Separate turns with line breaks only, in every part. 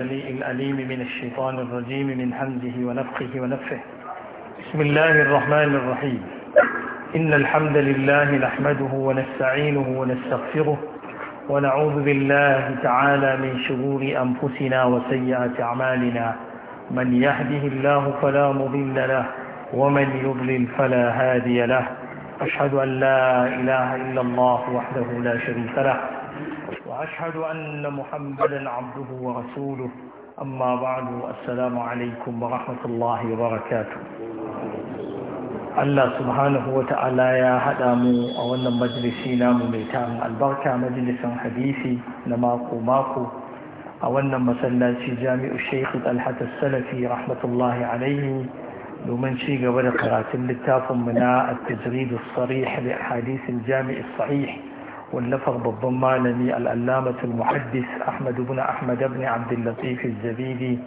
السميع الأليم من الشيطان الرجيم من حمده ونفخه ونفه بسم الله الرحمن الرحيم إن الحمد لله نحمده ونستعينه ونستغفره ونعوذ بالله تعالى من شرور أنفسنا وسيئات أعمالنا من يهده الله فلا مضل له ومن يضلل فلا هادي له أشهد أن لا إله إلا الله وحده لا شريك له وأشهد أن محمدا عبده ورسوله أما بعد السلام عليكم ورحمة الله وبركاته Allah subhanahu wa ta'ala ya haɗa mu a wannan majalisi namu mai tarin albarka majalisin hadisi na mako-mako a wannan masallaci jami'u Sheikh Alhassan Salafi rahmatullahi alaihi domin ci gaba da karatun littafinmu na at-tajrid as-sarih bi ahadith al sahih واللفظ بالضم مالمي الألامة المحدث أحمد بن أحمد بن عبد اللطيف الزبيدي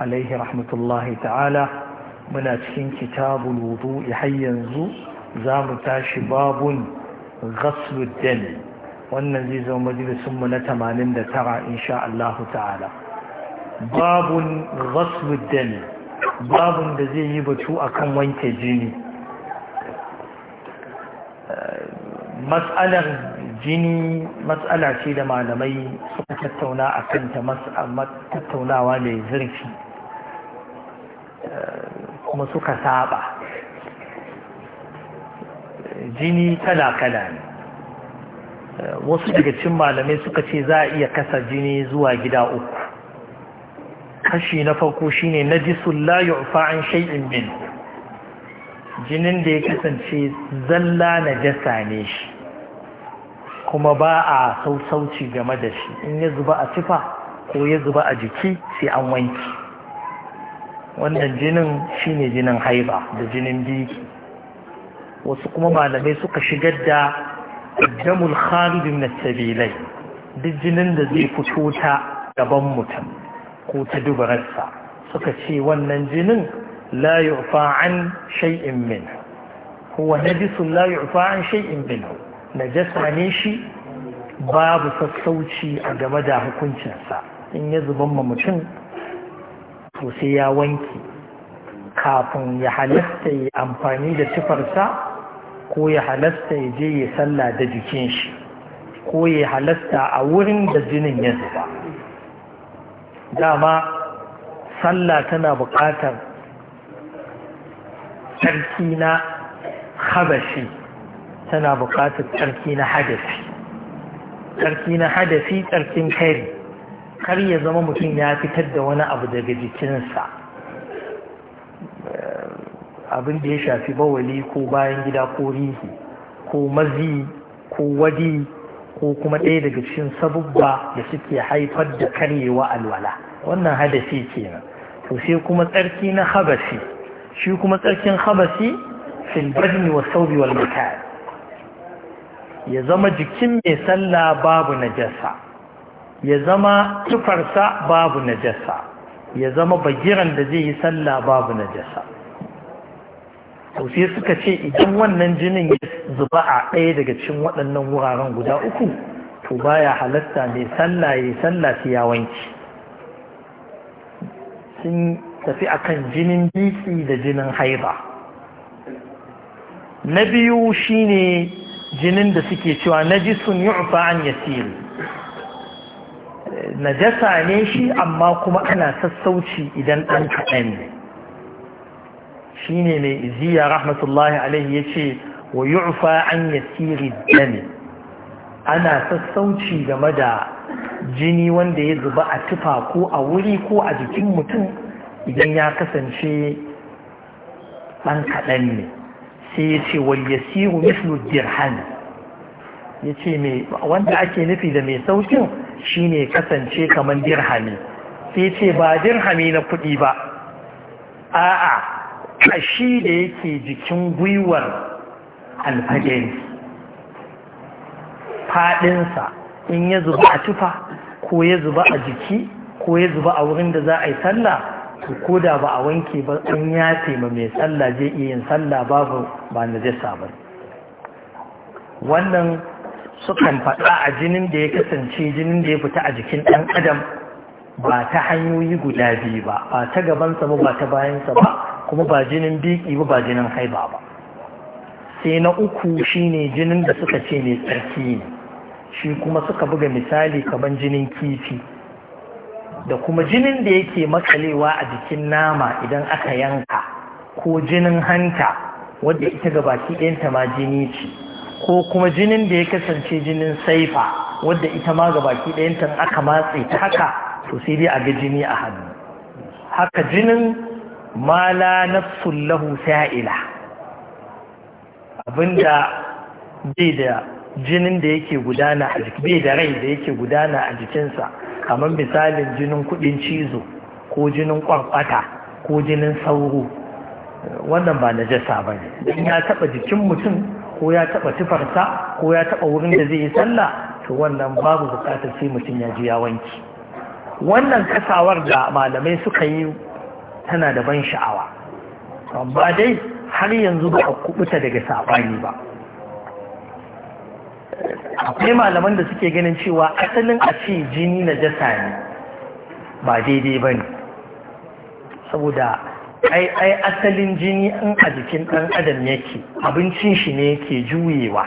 عليه رحمة الله تعالى من أتكين كتاب الوضوء حينزو زام تاشي باب غسل الدم wannan zai zama majalisunmu na 89 insha Allah ta'ala babun ghaslu dami babun da zai yi batu akan wanke jini mas'alar jini matsala ce da malamai suka tattauna a kanta tattaunawa mai zurfi eh, kuma suka saba jini kala-kala ne eh, wasu daga cin malamai suka ce za a iya kasa jini zuwa gida uku kashi na farko shine na jisun layu fa'an shai'in bin jinin da ya kasance zalla na jasa ne shi kuma ba a sausauci game da shi in ya zuba a tufa ko ya zuba a jiki sai an wanki wannan jinin shine jinin haiba da jinin biki wasu kuma malamai suka shigar da damul khalidin na sabilai duk jinin da zai fito ta gaban mutum ko ta dubararsa suka ce wannan jinin la yu'fa an shay'in min huwa najisun la yu'fa an shay'in min? najasa ne shi babu sassauci a game da hukuncinsa in ya zuban ma mutum to sai ya wanke kafin ya halasta ya amfani da tufarsa ko ya halasta ya je ya sallah da jikin shi ko ya halasta a wurin da jinin ya zuba dama sallah tana buƙatar sarki na habashi tana buƙatar tsarki na hadafi tsarki na hadafi tsarkin kari kar ya zama mutum ya fitar da wani abu daga jikinsa abin da ya shafi bawali ko bayan gida ko rihi ko mazi ko wadi ko kuma ɗaya daga cikin sabubba da suke haifar da karyewa alwala wannan hadasi kenan to sai kuma tsarki na habasi shi kuma tsarkin habasi fil wa saubi wal mutal ya zama jikin mai sallah babu najasa ya zama tufarsa babu najasa ya zama bagiran da zai yi sallah babu najasa to sai suka ce idan wannan jinin ya zuba a ɗaya daga cikin waɗannan wuraren guda uku to baya halatta mai sallah ya sallah sai ya wanki sun tafi akan jinin bisi da jinin haiba na biyu shine jinin da suke cewa najisun yu'fa an yasiri najasa ne shi amma kuma ana sassauci idan an kaɗan ne shi ne mai iziya rahmatullahi alaihi ya ce wa yu'fa an yasiri dami ana sassauci game da jini wanda ya zuba a tufa ko a wuri ko a jikin mutum idan ya kasance ɗan kaɗan ne sai ya ce walyasiru mislu dirham ya ce wanda ake nufi da mai saukin shine kasance kamar dirhami sai ce ba dirhami na kuɗi ba a'a kashi da yake jikin gwiwar alfajari faɗinsa in ya zuba a tufa ko ya zuba a jiki ko ya zuba a wurin da za a yi sallah ko da ba a wanke ba in ya ma mai tsalla zai iya yin tsalla babu ba na zai ba. wannan sukan faɗa a jinin da ya kasance jinin da ya fita a jikin ɗan adam ba ta hanyoyi guda biyu ba ba ta gabansa ba ba ta bayansa ba kuma ba jinin biki ba ba jinin haiba ba sai na uku shine jinin da suka ce mai tsarki ne shi kuma suka buga misali kaban jinin kifi da kuma jinin da yake makalewa a jikin nama idan aka yanka ko jinin hanta wadda ita ga baki ɗayanta ma jini ce ko kuma jinin da ya kasance jinin saifa wadda ita ma ga baki ɗayanta aka matse ta haka to sai dai a ga jini a hannu haka jinin mala na sullahu sa'ila abinda bai da jinin da yake gudana a jiki bai da rai da yake gudana a jikinsa kamar misalin jinin kudin cizo ko jinin kwarkwata ko jinin sauro wannan ba najasa ba ne in ya taba jikin mutum ko ya taba tufarsa ko ya taba wurin da zai yi sallah to wannan babu bukatar sai mutum ya ji ya wanki wannan kasawar da malamai suka yi tana da ban sha'awa Ba dai har yanzu ba a kubuta daga sabani ba akwai malaman da suke ganin cewa asalin a ce jini na jasa ne ba daidai ba ne saboda ai ai asalin jini an a jikin ɗan adam yake abincin shi ne yake juyewa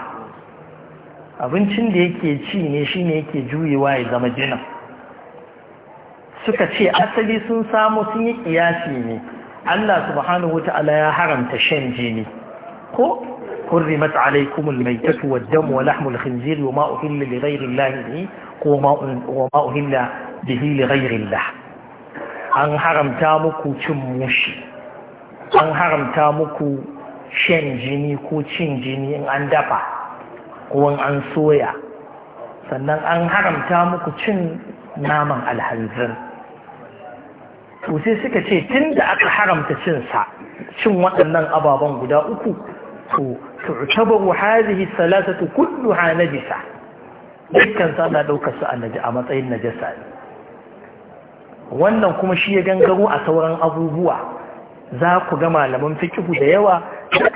abincin da yake ci ne shi ne yake juyewa ya zama jinin suka ce asali sun samu sun yi kiyasi ne Allah subhanahu wa ta'ala ya haramta shan jini ko حرمت عليكم الميتة والدم ولحم الخنزير وما أهل لغير الله به وما أهل به لغير الله an haramta muku cin mushi an haramta muku shan jini ko cin jini in an dafa ko in an soya sannan an haramta muku cin naman alhanzir to sai suka ce tun da aka haramta cinsa cin waɗannan ababen guda uku تعتبر هذه الثلاثة كلها نجسة dukkan sana ɗaukar su a matsayin najasa ne wannan kuma shi ya gangaro a sauran abubuwa za ku ga malaman fikihu da yawa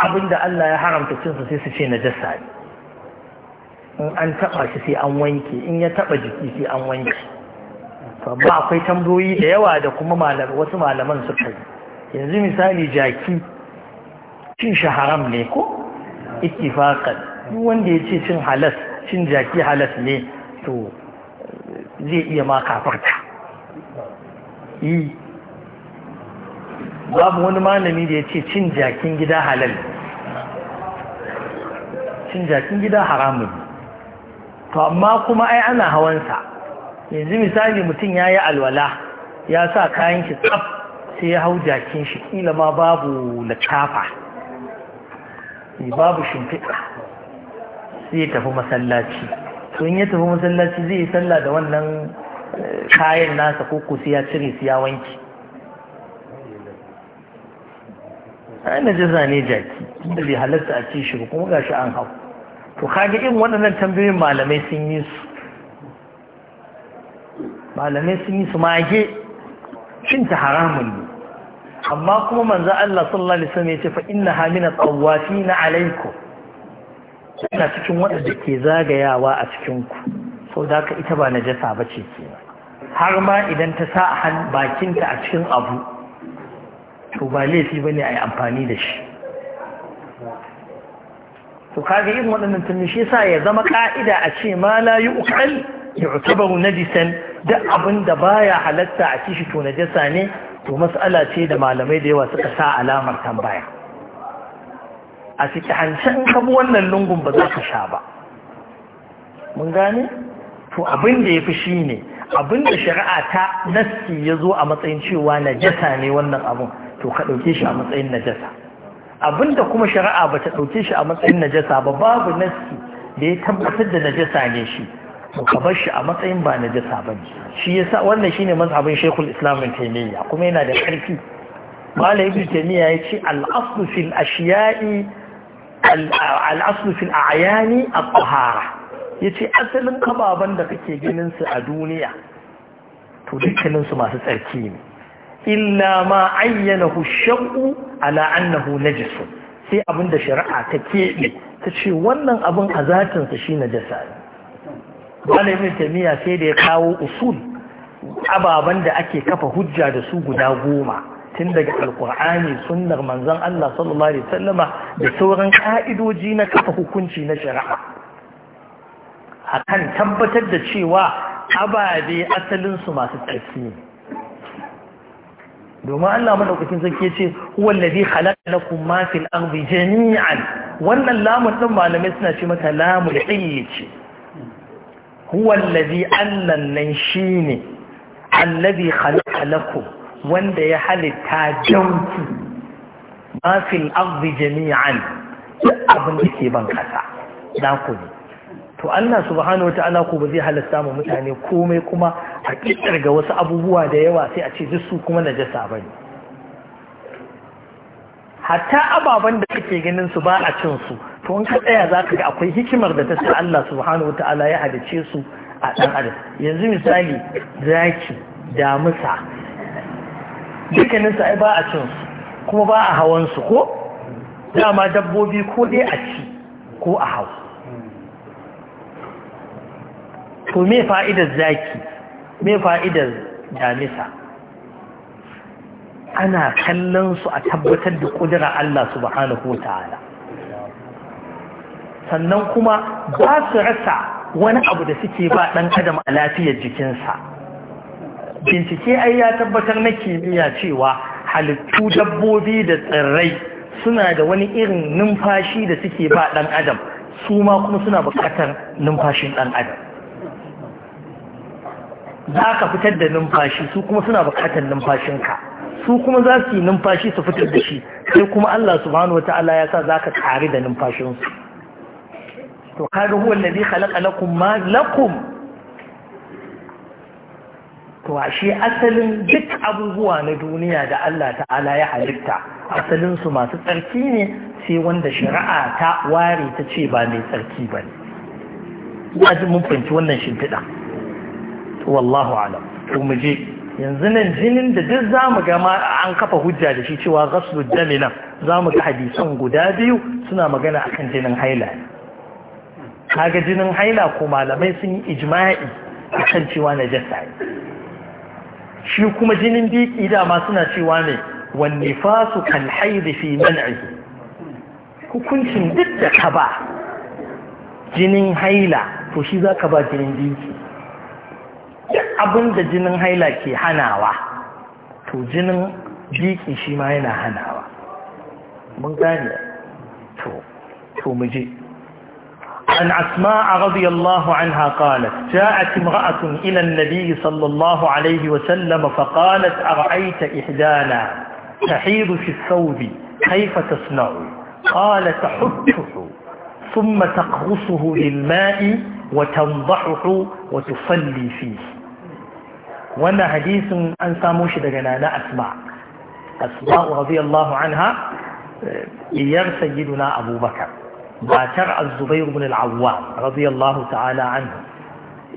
abin da Allah ya haramta cinsa sai su ce najasa ne in an taɓa shi sai an wanke in ya taɓa jiki sai an wanke amma akwai tambayoyi da yawa da kuma wasu malaman suka yi yanzu misali jaki cin shi haram ne ko ittifaqan wanda ya ce cin halas cin jaki halas ne to eh, zai iya ma kafarta yi e, babu wani malami da ya ce cin jakin gida halal cin jakin gida haramun to amma kuma ai ana hawansa yanzu misali mutum ya yi alwala ya sa kayan shi tsaf sai ya hau jakin shi kila ma babu littafa sai babu shimfiɗa sai ya tafi masallaci to in ya tafi masallaci zai yi sallah da wannan eh, kayan nasa ko kusa ya cire su ya wanki yana najasa ne jaki da zai halatta a ci shi ba kuma gashi an hau to kaga irin waɗannan tambayoyin malamai sun yi su malamai sun yi su mage cinta haramun ne amma kuma manzo Allah sallallahu alaihi wasallam yace fa inna min tawafina alaikum Ina cikin waɗanda ke zagayawa a cikin ku saboda haka ita ba najasa bace kenan har ma idan ta sa han bakinta a cikin abu to ba laifi bane ai amfani da shi to kaga irin waɗannan tunni shi sa ya zama ka'ida a ce ma la yu'qal yu'tabaru najisan da abin da baya halatta a ci shi to najasa ne to mas'ala ce da malamai da yawa suka sa alamar tambaya a ciki hancin kabu wannan lungun ba za ka sha ba mun gane to abin da ya fi shi ne abin da shari'a ta nassi ya zo a matsayin cewa najasa ne wannan abin to ka ɗauke shi a matsayin najasa abin da kuma shari'a ba ta ɗauke shi a matsayin najasa ba babu nassi da ya tabbatar da najasa ne shi to ka bar shi a matsayin ba na jasa ba shi yasa wannan ne mazhabin shekul islamin taimiyya kuma yana da ƙarfi Malami Ibn taimiyya ya ce al'asufin a Ayani a al Ya ce a'yani at asalin kababan da kake ginin su a duniya to dukkanin su masu tsarki ne illa ma ayyanahu na ala annahu najis sai abinda shari'a ta keɓe ta ce wannan abin a zatinsa shi na ne malamin tamiya sai da ya kawo usul ababen da ake kafa hujja da su guda goma tun daga alkur'ani sunnar manzon Allah sallallahu alaihi wasallama da sauran ka'idoji na kafa hukunci na shari'a akan tabbatar da cewa ababe asalin su masu tsarki ne domin Allah madaukakin sarki ce huwa allazi khalaqakum ma fil ardi jami'an wannan lamun din malamai suna ce mata lamul ilmi ce Wallazi annan nan shine allazi khalaqa lakum wanda ya halitta janku ma fil ardi jami'an abin da ke ban kasa da ku to Allah subhanahu wata'ala ko ba zai halasta mu mutane komai kuma a ga wasu abubuwa da yawa sai a ce duk su kuma najasa bane hatta ababen da kake ganin su ba a cin su to in ka tsaya za ka ga akwai hikimar da ta sa Allah subhanahu wa ta'ala ya halice su a ɗan adam yanzu misali zaki damusa dukkanin su ai ba a cin su kuma ba a hawan su ko dama dabbobi ko dai a ci ko a hau to me fa'idar zaki me fa'idar damisa ana kallon su a tabbatar da ƙudura Allah subhanahu wa ta'ala sannan kuma ba su rasa wani abu da suke ba ɗan adam a lafiyar jikinsa bincike ai ya tabbatar na kimiyya cewa halittu dabbobi da tsirrai suna da wani irin numfashi da suke ba ɗan adam su ma kuma suna buƙatar numfashin ɗan adam za ka fitar da numfashi su kuma suna buƙatar numfashinka su kuma za su yi numfashi su fitar da shi sai kuma Allah subhanahu wata'ala ya sa za ka tare da numfashinsu to kaga huwa allazi khalaqa lakum ma lakum to ashe asalin duk abubuwa na duniya da Allah ta'ala ya halitta asalinsu masu tsarki ne sai wanda shari'a ta ware ta ce ba mai tsarki ba ya ji mun fahimci wannan shimfiɗa wallahu alam to mu je yanzu nan jinin da duk za mu gama an kafa hujja da shi cewa gasu jaminan za mu ga hadisan guda biyu suna magana a kan jinin haila kaga jinin haila ko malamai sun yi ijma'i kan cewa na jasa shi kuma jinin biki dama suna cewa ne Wani nifasu kal haid fi man'i hukuncin duk da ka ba jinin haila to shi za ka ba jinin biki duk abin da jinin haila ke hanawa to jinin biki shi ma yana hanawa mun gane to to mu je asma أسماء رضي الله عنها قالت جاءت امرأة إلى النبي صلى الله عليه وسلم فقالت أرأيت إحدانا تحيض في الثوب كيف تصنع قال تحته ثم تقرصه للماء وتنضحه وتصلي فيه wannan hadisin an samo shi daga nana asma asma radiyallahu anha eh, iyar sayyiduna abubakar matar az-zubair ibn al-awwam radiyallahu ta'ala anhu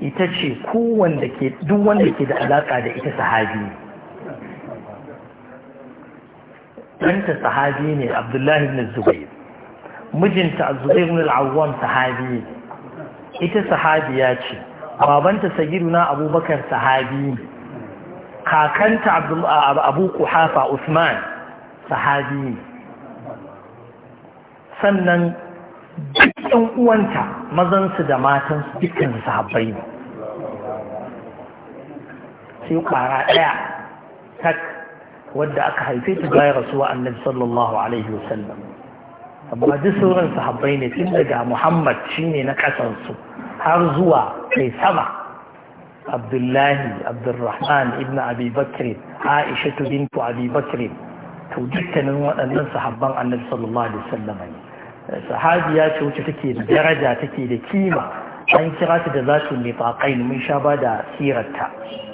ita ce kowanda ke duk wanda ke da alaka da ita sahabi ɗanta sahabi ne abdullahi ibn zubair mijinta az-zubair ibn al-awwam sahabi ita sahabiya ce babanta sayyiduna abubakar sahabi ne kakanta abu kuhafa usman sahabi ne sannan dukkan uwanta mazansu da matansu dukkan sahabbai ne
sai kwara ɗaya
tak wadda aka haife ta bayan rasuwa annabi sallallahu alaihi wasallam amma duk sauran sahabbai ne tun daga muhammad shine na kasansu har zuwa kai sama abdullahi abdurrahman ibn abi bakr aisha bintu abi bakr to dukkanin waɗannan sahabban annabi sallallahu alaihi wasallam ne sahabiya ce wacce take da daraja take da kima an kira ta da zatu nifaqain mun sha ba da sirarta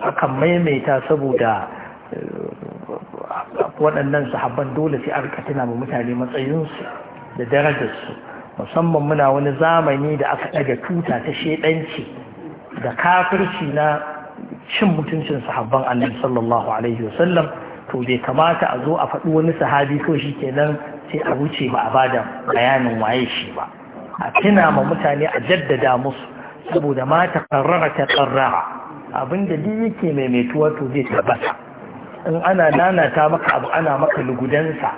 akan maimaita saboda eh, waɗannan sahabban dole sai a rika tuna mutane matsayinsu da darajarsu musamman muna wani zamani da aka ɗaga tuta ta shaidanci da kafirci na cin mutuncin sahabban annabi sallallahu alaihi wasallam to bai kamata a zo a faɗi wani sahabi ko shi kenan sai a wuce ba a bada bayanin waye shi ba a tuna ma mutane a jaddada musu saboda ma ta karrara ta karrara abinda duk yake maimaituwa to zai tabbata in ana nanata maka abu ana maka lugudansa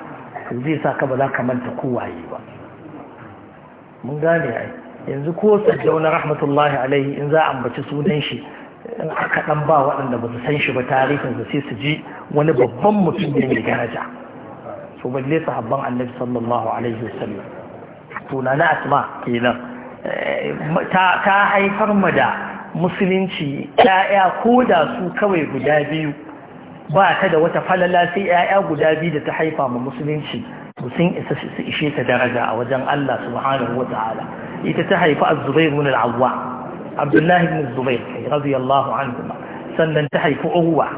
to zai sa ka ba za ka manta kowaye ba mun gane ai yanzu ko na rahmatullahi alaihi in za a ambaci sunan shi in aka dan ba waɗanda ba su san shi ba tarihin su sai su ji wani babban mutum ne mai daraja to balle sahabban annabi sallallahu alaihi wasallam tuna na asma kenan eh, ta ta haifar mu da musulunci ya'ya ko da su kawai guda biyu ba ta da wata falala sai ya'ya guda biyu da ta haifa ma musulunci to sun isa ishe ta daraja a wajen Allah subhanahu wa ta'ala ita ta haifi az-zubair ibn al-awwa abdullah ibn az-zubair radiyallahu anhu sannan ta haifi uwa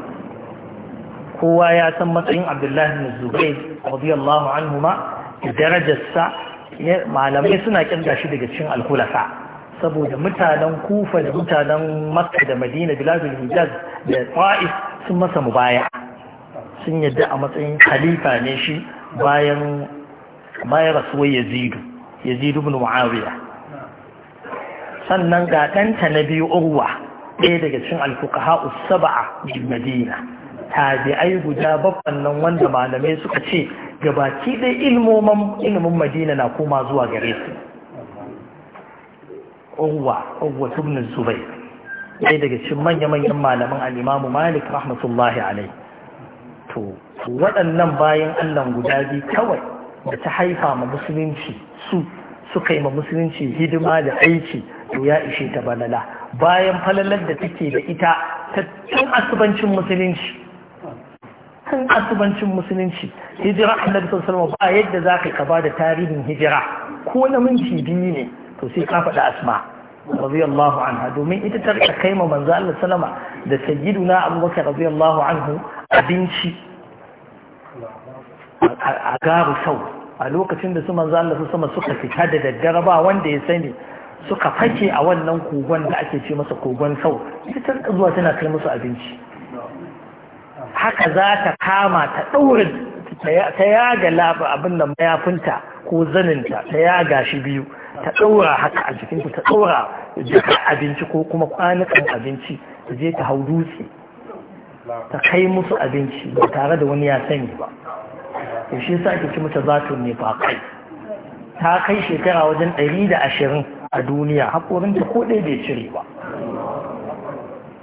kowa ya san matsayin abdullah ibn az-zubair radiyallahu anhu ma darajarsa malamai suna kirga shi daga cikin al-khulafa saboda mutanen kufa da mutanen makka da madina biladul hijaz da ta'if sun masa mubaya sun yadda a matsayin khalifa ne shi bayan bayan rasuwar yazidu yazidu bin mu'awiya sannan ga ɗanta na biyu urwa ɗaya daga cikin alfuqaha usaba'a bil madina tabi'ai guda babban nan wanda malamai suka ce gabaki ɗaya ilmomin ilmin madina na koma zuwa gare su urwa urwa ibn zubai ɗaya daga cikin manya-manyan malaman alimamu malik rahmatullahi alai to waɗannan bayan Allah guda biyu kawai da ta haifa ma musulunci su suka yi ma musulunci hidima da aiki to ya ishe ta balala bayan falalar da take da ita ta tun asubancin musulunci tun asubancin musulunci hijira annabi sallallahu ba yadda za ka bada da tarihin hijira ko na minti biyu ne to sai ka faɗi asma radiyallahu anha domin ita ta kai ma manzo Allah sallama da sayyiduna abubakar radiyallahu anhu abinci a garu sau a lokacin da su manzo Allah su sama suka fita da daddare ba wanda ya sani suka fake a wannan kogon da ake ce masa kogon sau ita ta zuwa tana kai musu abinci haka za ta kama ta ɗaure ta yaga labar abin da mayafinta ko zaninta ta yaga shi biyu ta ɗaura haka a jikinta ta ɗaura jaka abinci ko kuma kwanukan abinci ta je ta hau dutse ta kai musu abinci ba tare da wani ya sani ba shi sa ake ci mata zatun kai? ta kai shekara wajen ɗari da ashirin a duniya ta ko ɗaya bai cire ba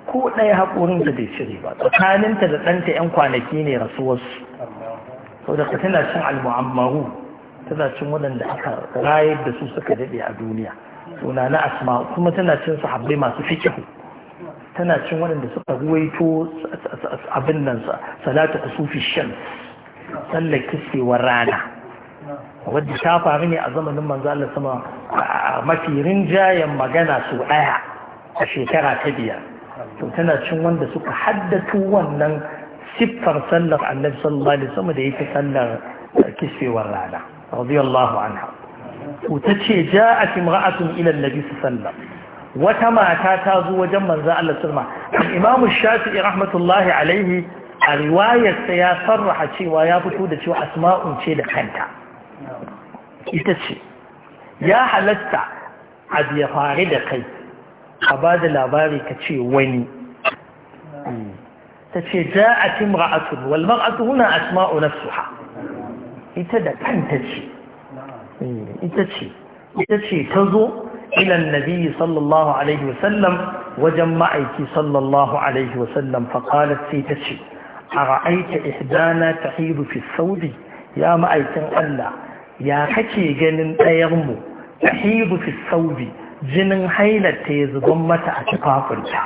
ko ɗaya ta bai cire ba tsakaninta da ɗanta 'yan kwanaki ne rasuwarsu sau da tana cin almu'ammaru tana cin waɗanda aka rayar da su suka daɗe a duniya suna na asma kuma tana cin sahabbai masu fikihu tana cin waɗanda suka ruwaito abin nan salatu kusufi shams sallar kisewar rana wadda ta faru ne a zamanin manzo Allah sama mafi rinjayen magana su ɗaya a shekara ta biyar to tana cin wanda suka haddatu wannan siffar sallar annabi sallallahu alaihi wasallam da yake sallar kisewar rana radiyallahu anha to tace ja'at imra'atun ila annabi sallallahu wata mata ta zo wajen manzo Allah sallama al-imam shafi'i rahmatullahi alaihi a riwayarsa ya sarraha cewa ya fito da cewa asma'un ce da kanta ita ce ya halatta abu ya da kai a ba da labari ka ce wani ta ce ja a timra'atun walmar'atu huna asma'u nafsuha ita da kanta ce ita ce ita ce ta zo ilan nabi sallallahu alaihi wasallam wajen ma'aiki sallallahu alaihi wasallam faƙalar sai ta ce a ra'aita ihdana ta hiru fi saudi ya ma'aikin Allah ya kake ganin ɗayarmu ta hiru fi saudi jinin hailata ya zuban mata a tufafinta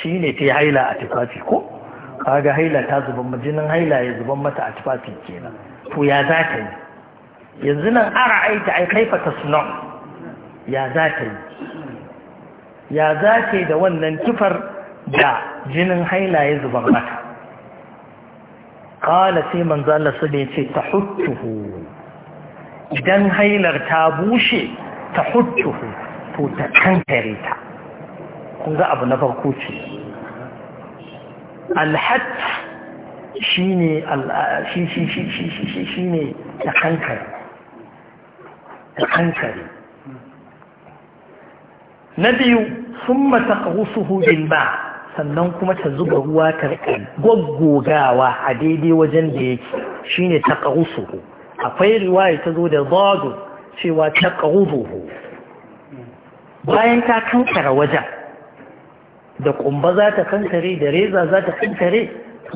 shi ne ta yi haila a tufafi ko kaga haila ta zuban mata jinin haila ya zuban mata a tufafi kenan to ya za ta yi yanzu nan a ra'aita ai kaifa ta sunan ya za ta yi ya za ta yi da wannan kifar da jinin haila ya zuban mata قال sai Manzala Allah su da yace tahuttuhu idan hailar ta bushe hutuhu to ta kankare ta kun ga abu na farko ce alhat shi ne ta kankare ta kankare na biyu mata taqwusuhu bil ba' sannan kuma ta zuba ruwa ta gaggogawa a daidai wajen da yake shine ta ƙarusuhu akwai riwaya ta zo da zado cewa ta ƙarusuhu bayan ta kankara wajen da ƙumba za ta kankare da reza za ta kankare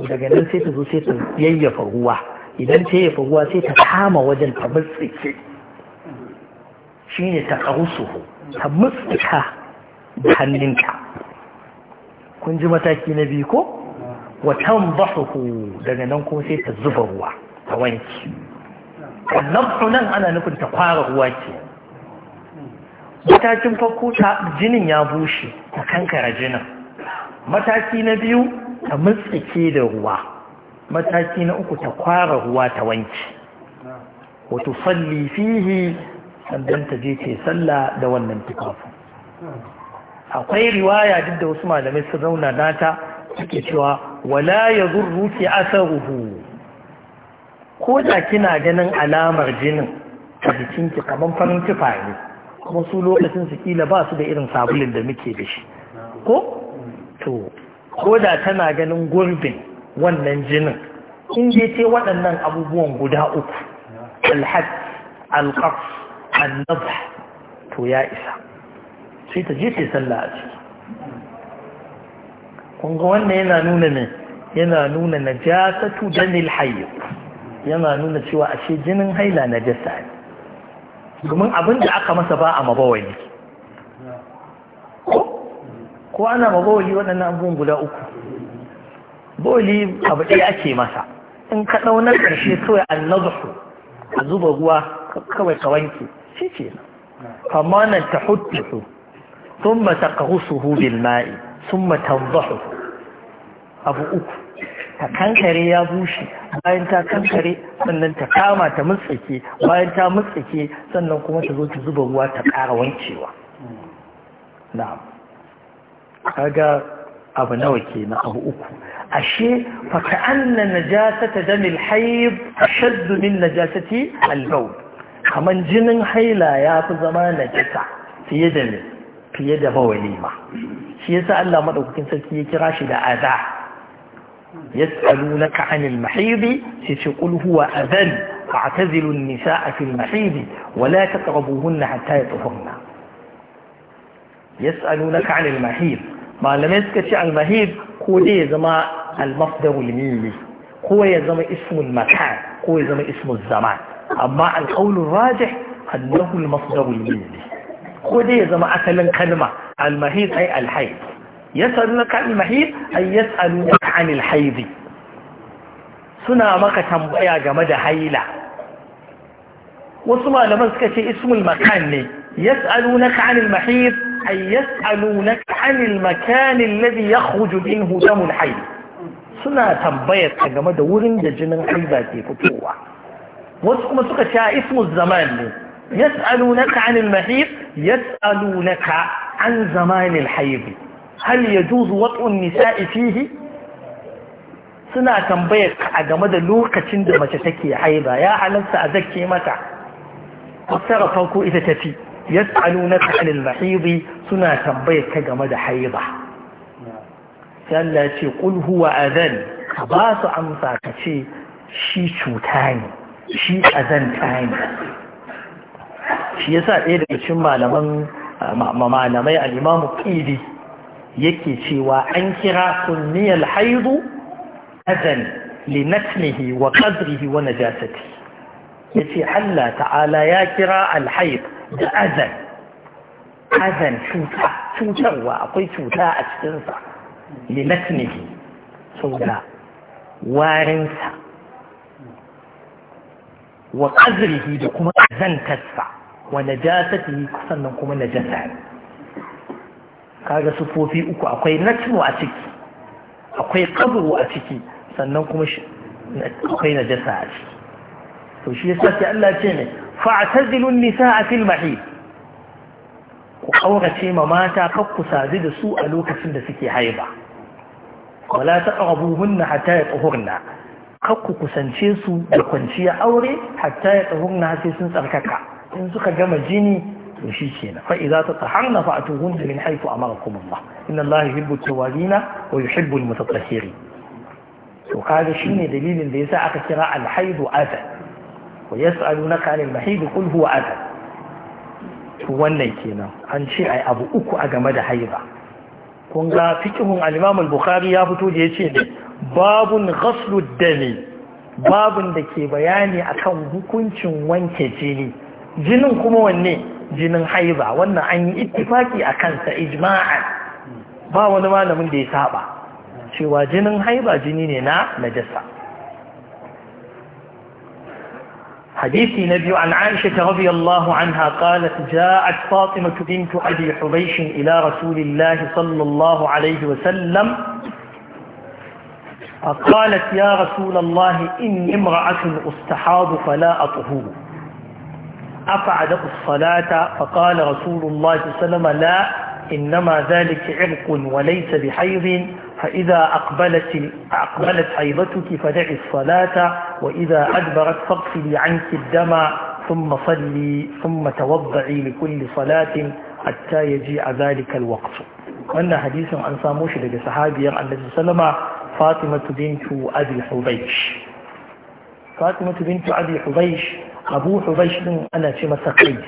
daga nan sai ta zo sai ta yayyafa ruwa idan ta yayyafa ruwa sai ta kama wajen ta mutsike shine ta ƙarusuhu ta mutsika da hannunka kun ji mataki na biyu ko watan bahuhu daga nan kuma sai ta zuba ruwa ta wanki wannan nan ana nufin ta kwara ruwa ke matakin farko ta jinin ya bushe ta kankara jinin mataki na biyu ta mutsike da ruwa mataki na uku ta kwara ruwa ta wanki wato falli fihi sandan ta je ce sallah da wannan tufafin akwai riwaya duk da wasu malamai su zauna nata suke cewa wala ya zurru ki asaruhu ko da kina ganin alamar jinin a jikinki kamar farin tufa ne kuma su lokacin su kila ba su da irin sabulun da muke da shi ko to ko da tana ganin gurbin wannan jinin in je ce waɗannan abubuwan guda uku Alhaji, alqaf annabh to ya isa sai ta je ta sallah a ciki kunga wannan yana nuna ne yana nuna najasatu danil hayo yana nuna cewa ashe jinin haila na najasa ne domin abin da aka masa ba a mabawali ko ana mabawali waɗannan abubuwan guda uku bawali abu ɗaya ake masa in ka ɗaunar ƙarshe kawai annazuhu a zuba ruwa kawai ka wanke shi ce amma nan ta hutu ثم تقغصه بالماء ثم تنضحه abu uku ta kankare ya bushe bayan ta kankare sannan ta kama ta mutsake bayan ta mutsake sannan kuma ta zo ta zuba ruwa ta ƙara wancewa na kaga abu nawa kenan abu uku ashe fa ka'anna najasata damil hayd ashaddu min najasati al-bawl kaman jinin haila ya fi zama najasa fiye da fiye da bawali shi yasa Allah madaukakin sarki ya kira shi da aza yas'alunaka 'anil mahidi shi ce qul huwa adhan fa'tazilu an-nisaa fil mahidi wa la taqrabuhunna hatta yatahurna yas'alunaka 'anil mahid malamai suka ce al-mahid ko dai ya zama al mafdar al mili ko ya zama ismul makan ko ya zama ismul zaman amma al qawl ar rajih annahu al mafdar al mili ko dai ya zama asalin kalma almahid ay alhaid yasalunaka anil mahid ay yasalunaka anil haid suna maka tambaya game da haila wasu malaman suka ce ismul makan ne yasalunaka anil mahid ay yasalunaka anil makan alladhi yakhruju minhu damul haid suna tambayar ka game da wurin da jinin haila ke fitowa wasu kuma suka ce ismul zaman ne يسألونك عن المحيط يسألونك عن زمان الحيض هل يجوز وطء النساء فيه suna tambayar a game da lokacin da mace take haiba ya halarta a zake mata fassara farko ita tafi yas'alunaka 'anil mahidi suna tambayar ka game da haiba sai Allah a ce qul huwa su amsa ka ce shi cuta shi azanta shi yasa ɗaya daga cikin malaman malamai al-imamu qidi yake cewa an kira sunniyal haidu azan li natnihi wa qadrihi wa najasati yace Allah ta'ala ya kira al-haid da azan azan cuta cutarwa akwai cuta a cikin sa li natnihi warinsa wa qadrihi da kuma azantarsa ونجاسته سننكم النجاسة كاغا سفوفي أكو أكوي نتمو أتكي أكوي قبر أتكي سننكم أكوي نجاسة أتكي سوشي الله تيني فاعتزلوا النساء في المحيط أورا شيما ماتا كوكو سازيد سوء لوكا سند سكي حيبا ولا تقربوهن حتى يطهرن كوكو سانشيسو يكونشي أوري حتى يطهرن حتى يسنس الكاكا in suka gama jini to shi kenan ta idza na fa atuhunna min haythu amarakum Allah inna Allah yuhibbu at-tawwabina wa yuhibbu al-mutatahhirin to kaga ne dalilin da yasa aka kira al-hayd adha wa yas'alunaka 'anil mahid qul huwa adha to wannan kenan an ce ai abu uku a game da haiba kun ga fikihun al bukhari ya fito da yace ne babun ghaslu dami babun da ke bayani akan hukuncin wanke jini jinin kuma wanne jinin haiza wannan an yi ittifaki a kansa ijma'an ba wani malamin da ya saba cewa jinin haiza jini ne na najasa hadisi na biyu an aisha ta rabi Allahu an haƙala su ja'ad fatima tu bintu abi hubaishin ila rasulillahi sallallahu alaihi wasallam قالت يا رسول الله إني امرأة أستحاض فلا أطهور أقعد الصلاة فقال رسول الله صلى الله عليه وسلم لا إنما ذلك عرق وليس بحيض فإذا أقبلت, أقبلت حيضتك فدعي الصلاة وإذا أدبرت فاغسلي عنك الدم ثم صلي ثم توضعي لكل صلاة حتى يجيء ذلك الوقت وأن حديث عن ساموش لدى صحابي النبي صلى الله عليه وسلم فاطمة بنت أبي حبيش فاطمة بنت أبي حبيش abu hubash din ana ce masa kai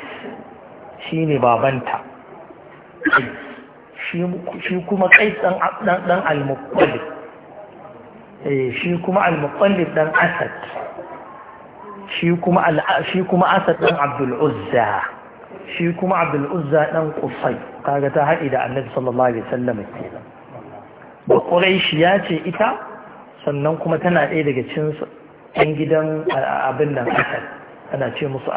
shi ne babanta shi kuma kai dan al eh, shi kuma al dan asad shi kuma asad dan abdul uzza shi kuma abdul uzza dan kusai kaga ta haɗi da annabi sallallahu alaihi wasallam kenan ba shi ya ce ita sannan kuma tana ɗaya daga cikin ɗan gidan abin nan asad ana ce musu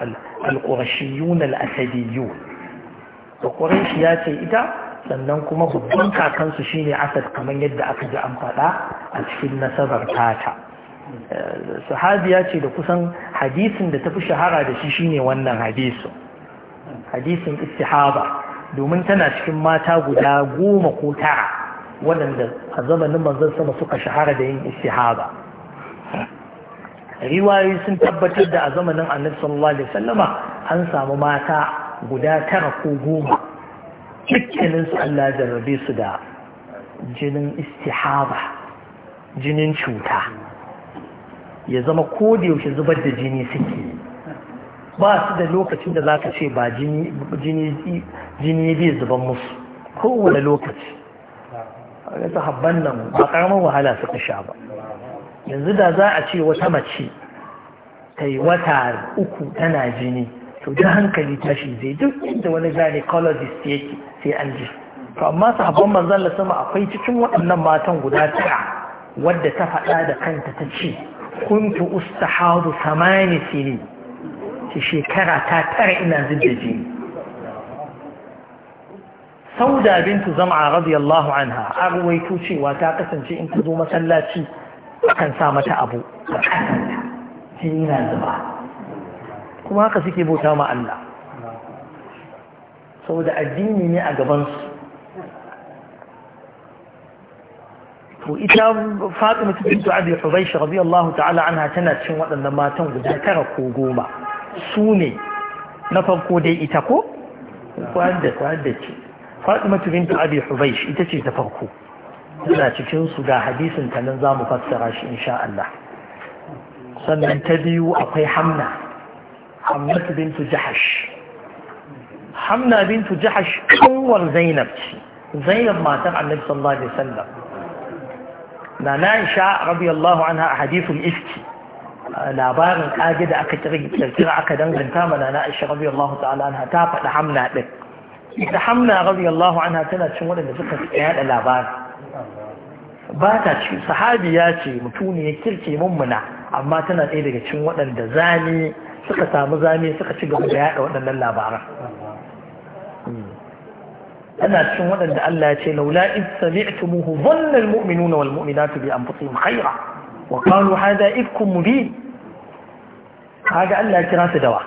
al-qurashiyun al-asadiyun to quraish ya ce ita sannan kuma babban kakansu shine asad kamar yadda aka ji an faɗa a cikin nasarar tata eh, ya ce da kusan hadisin da tafi shahara da shi shine wannan hadisin hadisin istihaba domin tana cikin mata guda goma ko tara waɗanda a zamanin manzan sama suka shahara da yin istihaba riwayoyi sun tabbatar da a zamanin annabi sallallahu alaihi wasallama an samu mata guda tara ko goma dukkanin su Allah jarrabe su da jinin istihaba jinin cuta ya zama ko da yaushe zubar da jini suke ba su da lokacin da zaka ce ba jini jini jini bai zuban musu kowane lokaci ga habban nan ba karamin wahala suka sha ba yanzu da za a ce wata mace ta yi wata uku tana jini to duk hankali tashi zai duk inda wani gynecologist yake sai an ji to amma sahabban manzon Allah sama akwai cikin waɗannan matan guda tara wadda ta faɗa da kanta ta ce kuntu ustahadu samani sini ce shekara ta tara ina zidda jini sauda bintu zama radiyallahu anha arwaito cewa ta kasance in ta zo masallaci akan sa mata abu jini na zuba kuma haka suke bauta ma Allah saboda addini ne a gabansu to ita fatima ta bintu abi hubaisha radiyallahu ta'ala anha tana cin waɗannan matan guda tara ko goma su ne na farko dai ita ko wadda wadda ce fatima ta bintu abi hubaish ita ce ta farko suna cikin su ga hadisin ta nan zamu fassara shi insha Allah sannan ta biyu akwai hamna Hamna bintu jahash hamna bintu jahash kanwar zainab ce zainab matar annabi sallallahu alaihi wasallam na na isha radiyallahu anha a hadithul ifki labarin kage da aka kirkira aka danganta mana na isha radiyallahu ta'ala anha ta faɗi hamna din ita hamna radiyallahu anha tana cin waɗanda suka yada labarin ba ta ci sahabiya ce ne ya kirke mummuna amma tana ɗaya daga cikin waɗanda zane suka samu zane suka ci gaba da yaɗa waɗannan labaran tana cikin waɗanda Allah ya ce laula in sami'tumuhu dhanna almu'minuna wal mu'minatu bi anfusihim khaira wa qalu hadha ifkum mubin kaga Allah ya kira su dawa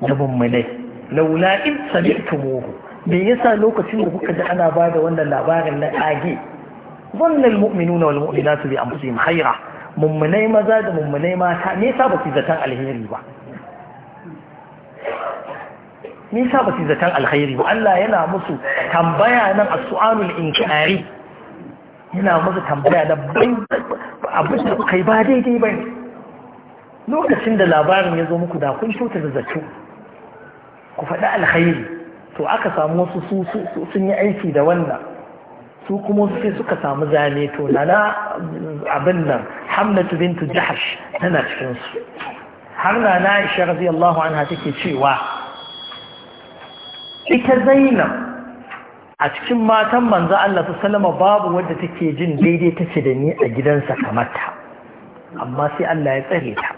da mummunai laula in sami'tumuhu me yasa lokacin da kuka ji ana bada wannan labarin na kage ظن المؤمنون والمؤمنات بأنفسهم خيرا mummunai maza da mummunai mata nesa ba su zaton alheri ba nesa ba su zaton alheri ba Allah yana musu tambaya nan a su'anul inkari yana musu tambaya da abin da kai ba daidai ba lokacin da labarin ya zo muku da kun shota da zato ku faɗi alheri to aka samu wasu sun yi aiki da wannan su kuma sai suka samu zane to na abin nan hamnatu bintu jahash tana cikinsu har na na isha radiyallahu anha take cewa ita zainab a cikin matan manzo Allah ta salama babu wadda take jin daidai take da ni a gidansa kamar amma sai Allah ya tsare ta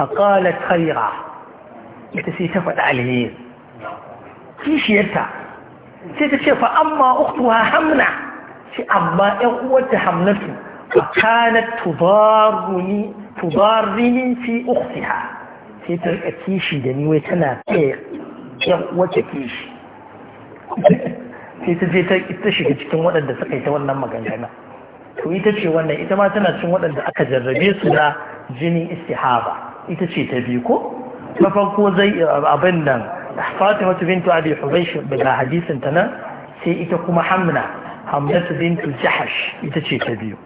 faqalat khaira ita sai ta faɗi alheri kishiyarta sai ta ce fa amma ukhtuha hamna shi amma ‘yan uwata hamnatu a kana tubarini fi ha sai ta rika kishi da niwai tana tsaye ‘yan uwata kishi sai ta je ta shiga cikin waɗanda suka yi ta wannan magangana to ita ce wannan ita ma tana cin waɗanda aka jarrabe su da jinin istihaba ita ce ta biyu ko ta farko zai abin nan fatima bintu abi hubaish daga hadisin ta nan sai ita kuma hamna hamdatu bintu jahash ita ce ta biyu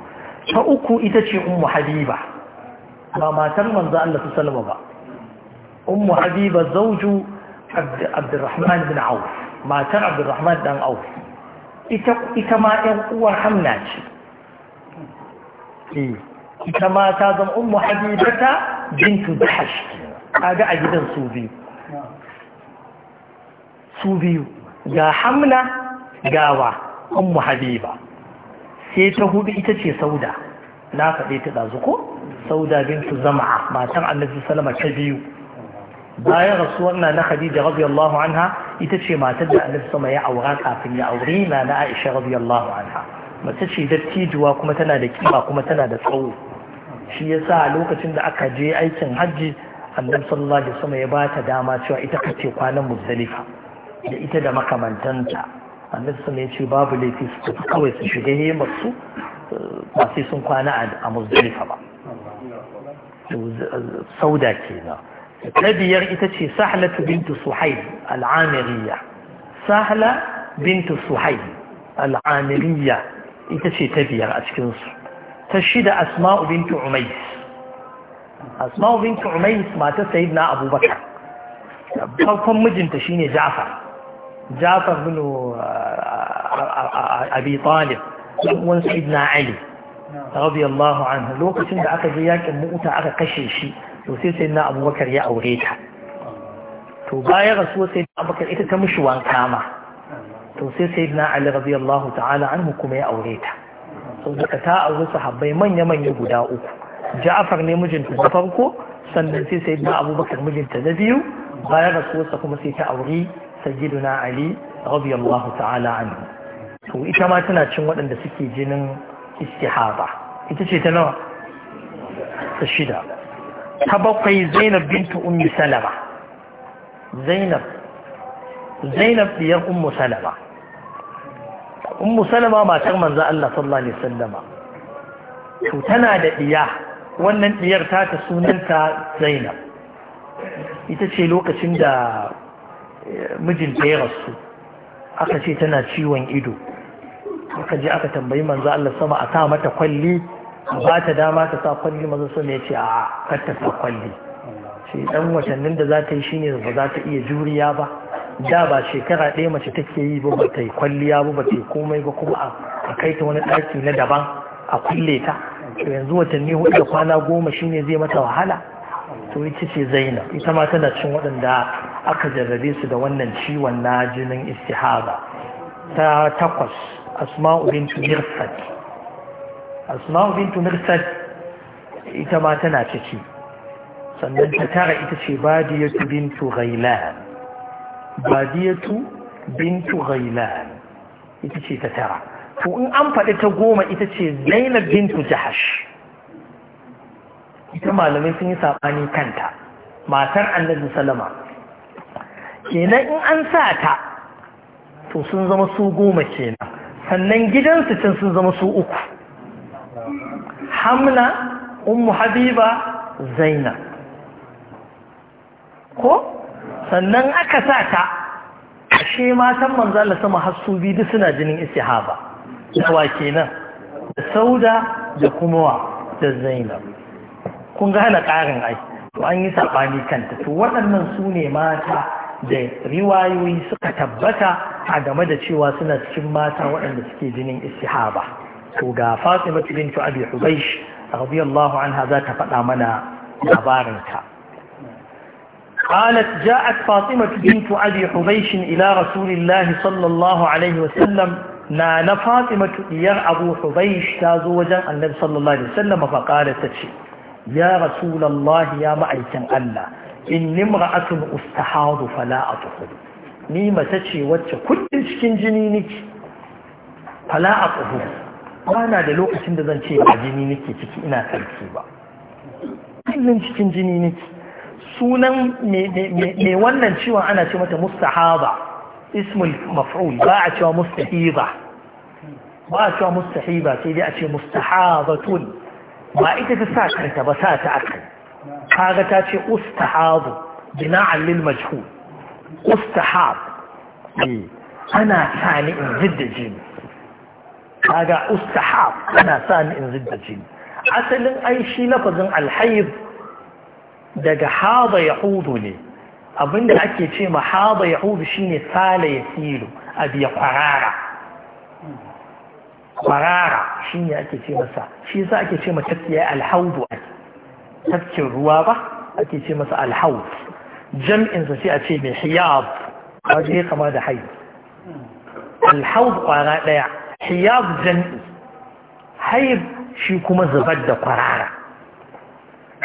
ta uku ita ce ummu habiba ba matar manzo Allah sallama ba ummu habiba zauju abdurrahman bin auf matar abdurrahman dan auf ita ita ma ɗan uwar hamna ce eh, ita ma ta zama ummu habibata bintu jahash kaga a gidan su biyu su biyu ga hamna gawa ummu habiba sai ta hudu ita ce sauda na faɗe ta ɗazu ko sauda bintu zama'a matan annabi salama ta biyu bayan rasuwar na na khadija radiyallahu anha ita ce matar da annabi sama ya aura kafin ya aure na na aisha radiyallahu anha mace ce dattijuwa kuma tana da kima kuma tana da tsawo shi yasa lokacin da aka je aikin hajji annabi sallallahu alaihi wasallam ya ba ta dama cewa ita kace kwanan muzdalifa da ita da makamantanta annabi ne ce babu laifi su tafi kawai su shiga hemar su ba sai sun kwana a muzdalifa ba sauda kenan na biyar ita ce sahlatu bintu suhai al'amiriya sahla bintu suhaib al'amiriya ita ce ta biyar a cikinsu ta shida asma'u bintu umais asma'u bintu umais mata sayid na abubakar farkon mijinta shine ja'far jafar bin uh, uh, abi talib ɗan sayyidina ali radiyallahu anhu lokacin da aka je yakin mu'uta aka kashe shi to sai sayyidina abubakar ya aure ta to bayan rasuwa sayyidina abubakar ita ta mushi wanka ma to sai sayyidina ali radiyallahu ta'ala anhu kuma ya aure ta sau daga ta aure sahabbai manya-manya guda uku ja'afar ne mijinta na farko sannan sai abubakar mijinta na biyu bayan rasuwarsa kuma sai ta auri. sayyiduna ali radiyallahu ta'ala anhu to ita ma tana cin waɗanda suke jinin istihaba ita ce ta nawa ta shida ta bakwai zainab bintu ummi salama zainab zainab diyar ummu salama ummu salama matar manzo Allah sallallahu alaihi wasallama
to tana da
diya wannan diyar ta ta sunanta zainab ita ce lokacin da mijinta ya rasu aka ce tana ciwon ido aka je aka tambayi manzo Allah sama a sa mata kwalli ba ta dama ta sa kwalli manzo sama ya ce a kar ta sa kwalli ce dan watannin da za ta yi shine ba za ta iya juriya ba da ba shekara ɗaya mace take yi ba ba ta yi kwalliya ba ba ta yi komai ba kuma a kai ta wani ɗaki na daban a kulle ta to yanzu watanni hudu da kwana goma shine zai mata wahala to ita ce zainab ita ma tana cin waɗanda aka jarrabe su da wannan ciwon na jinin istihaba ta takwas asma'u bintu mirsad asma'u bintu mirsad ita ma tana ciki sannan ta tara ita ce badiyatu bintu ghailan badiyatu bintu ghailan ita ce ta tara to in an faɗi ta goma ita ce zainab bintu jahash ita malamai sun yi saɓani kanta matar annabi salama kenan in an sa ta to sun zama su goma kenan sannan gidansu can sun zama su uku hamna ummu habiba zaina ko sannan aka sa ta ashe matan manzo Allah sama har su biyu suna jinin istihaba nawa kenan da sauda da kuma da zainab kun gane ƙarin ai to an yi saɓani kanta to waɗannan su ne mata da riwayoyi suka tabbata a game da cewa suna cikin mata waɗanda suke jinin istihaba to ga Fatima bint Abi Hubaysh radiyallahu anha za ta faɗa mana labarinta قالت جاءت فاطمة بنت أبي حبيش إلى رسول الله صلى الله عليه وسلم نانا فاطمة إيار أبو حبيش تازوجا النبي صلى الله عليه وسلم فقالت يا رسول الله يا معيكا ألا in asin ustahadu fala athur ni mace ce wacce kullum cikin jini nake fala ba na da lokacin da zan ce ba jini nake ciki ina sarki ba kullum cikin jini nake sunan me wannan ciwon ana ce mata mustahaba ismul maf'ul ba a cewa mustahiba ba a cewa mustahiba sai dai a ce mustahabatun ba ita ta sa kanta ba sa ta akai هذا كان شيء استحاض بناء للمجهول استحاض انا ثاني ان ضد الجن هذا استحاض انا ثاني ان ضد الجن اصل اي شيء لفظ الحيض دقى حاض يحوضني أظن أكيد شيء ما حاض يحوض شيني ثالة يسيله أبي قرارة قرارة شيني أكيد شيء ما سا شيء سا أكيد شيء ما تكتيا الحوض أكيد tafkin ruwa ba ake ce masa jam'in sa sai a ce mai hiyab ya kama da haid kwara ɗaya hiyab jam'i haid shi kuma zubar da kwarara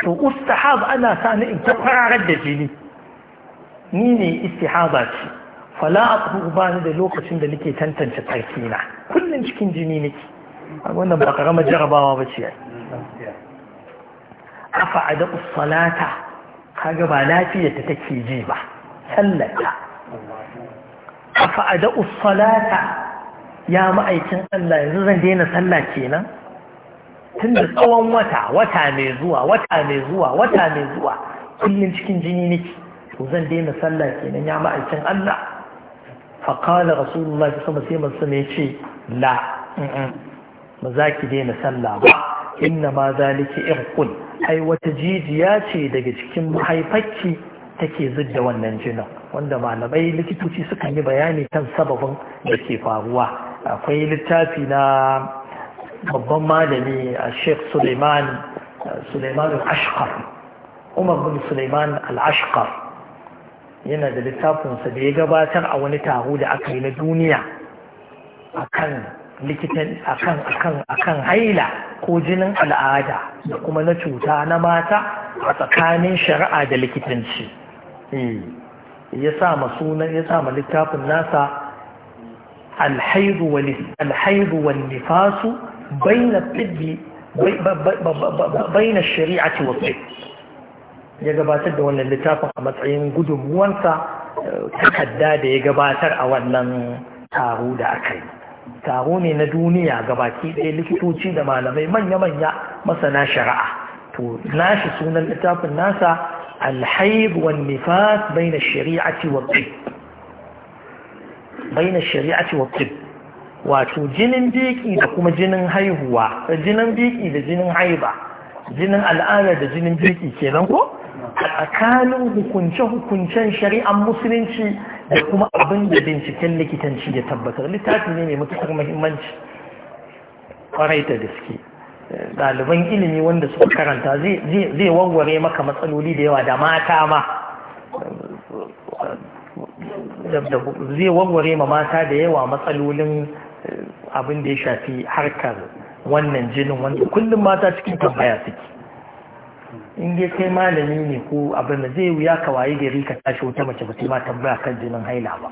to ustahab ana sani in ta kwararar da jini ni ne istihaba ce fala a ba ni da lokacin da nake tantance tsarki na kullum cikin jini nake wannan ba karamar jarabawa ba ce afa ada salata kaga ba lafiyar ta take ji ba sallata afa ada salata ya ma'aikin Allah yanzu zan daina sallah kenan tun da tsawon wata wata mai zuwa wata mai zuwa wata mai zuwa kullum cikin jini nake to zan daina sallah kenan ya ma'aikin Allah faƙala rasulullah sama sai masu ya ce la ba za ki daina sallah ba inna ma zalika irqun ai wata jijiya ce daga cikin mahaifarki take zidda wannan jinin wanda malamai likitoci suka yi bayani kan sababin da ke faruwa akwai littafi na babban malami a sheikh suleiman suleiman al-ashqar umar bin suleiman al-ashqar yana da littafinsa da ya gabatar a wani taro da aka yi na duniya akan likitan akan akan akan haila ko jinin al'ada da kuma na cuta na mata a tsakanin shari'a da likitanci hmm. ya sa ma sunan ya sa ma littafin nasa alhaidu wal nifasu baina tibbi baina shari'ati wa ya gabatar da wannan littafin a matsayin gudunmuwansa eh, takadda da ya gabatar a wannan taro da aka yi taro ne na duniya gabaki ɗaya likitoci da malamai manya-manya masana shari'a to nashi sunan littafin nasa alhaib wa nifas baina shari'ati wa tib baina shari'ati wa tib wato jinin biki da kuma jinin haihuwa jinin biki da jinin haiba jinin al'ada da jinin biki kenan ko a tsakanin hukunce-hukuncen shari'an musulunci da kuma abin da binciken likitanci ya tabbatar littafi ne mai matukar muhimmanci kwarai da gaske ɗaliban ilimi wanda suka karanta zai warware maka matsaloli da yawa da mata ma zai warware ma mata da yawa matsalolin eh, abin da ya shafi harkar wannan jinin wanda kullum mata cikin tambaya suke in dai kai malami ne ko abin da zai wuya ka waye gari ka tashi wata mace ba sai ma tambaya kan jinin haila ba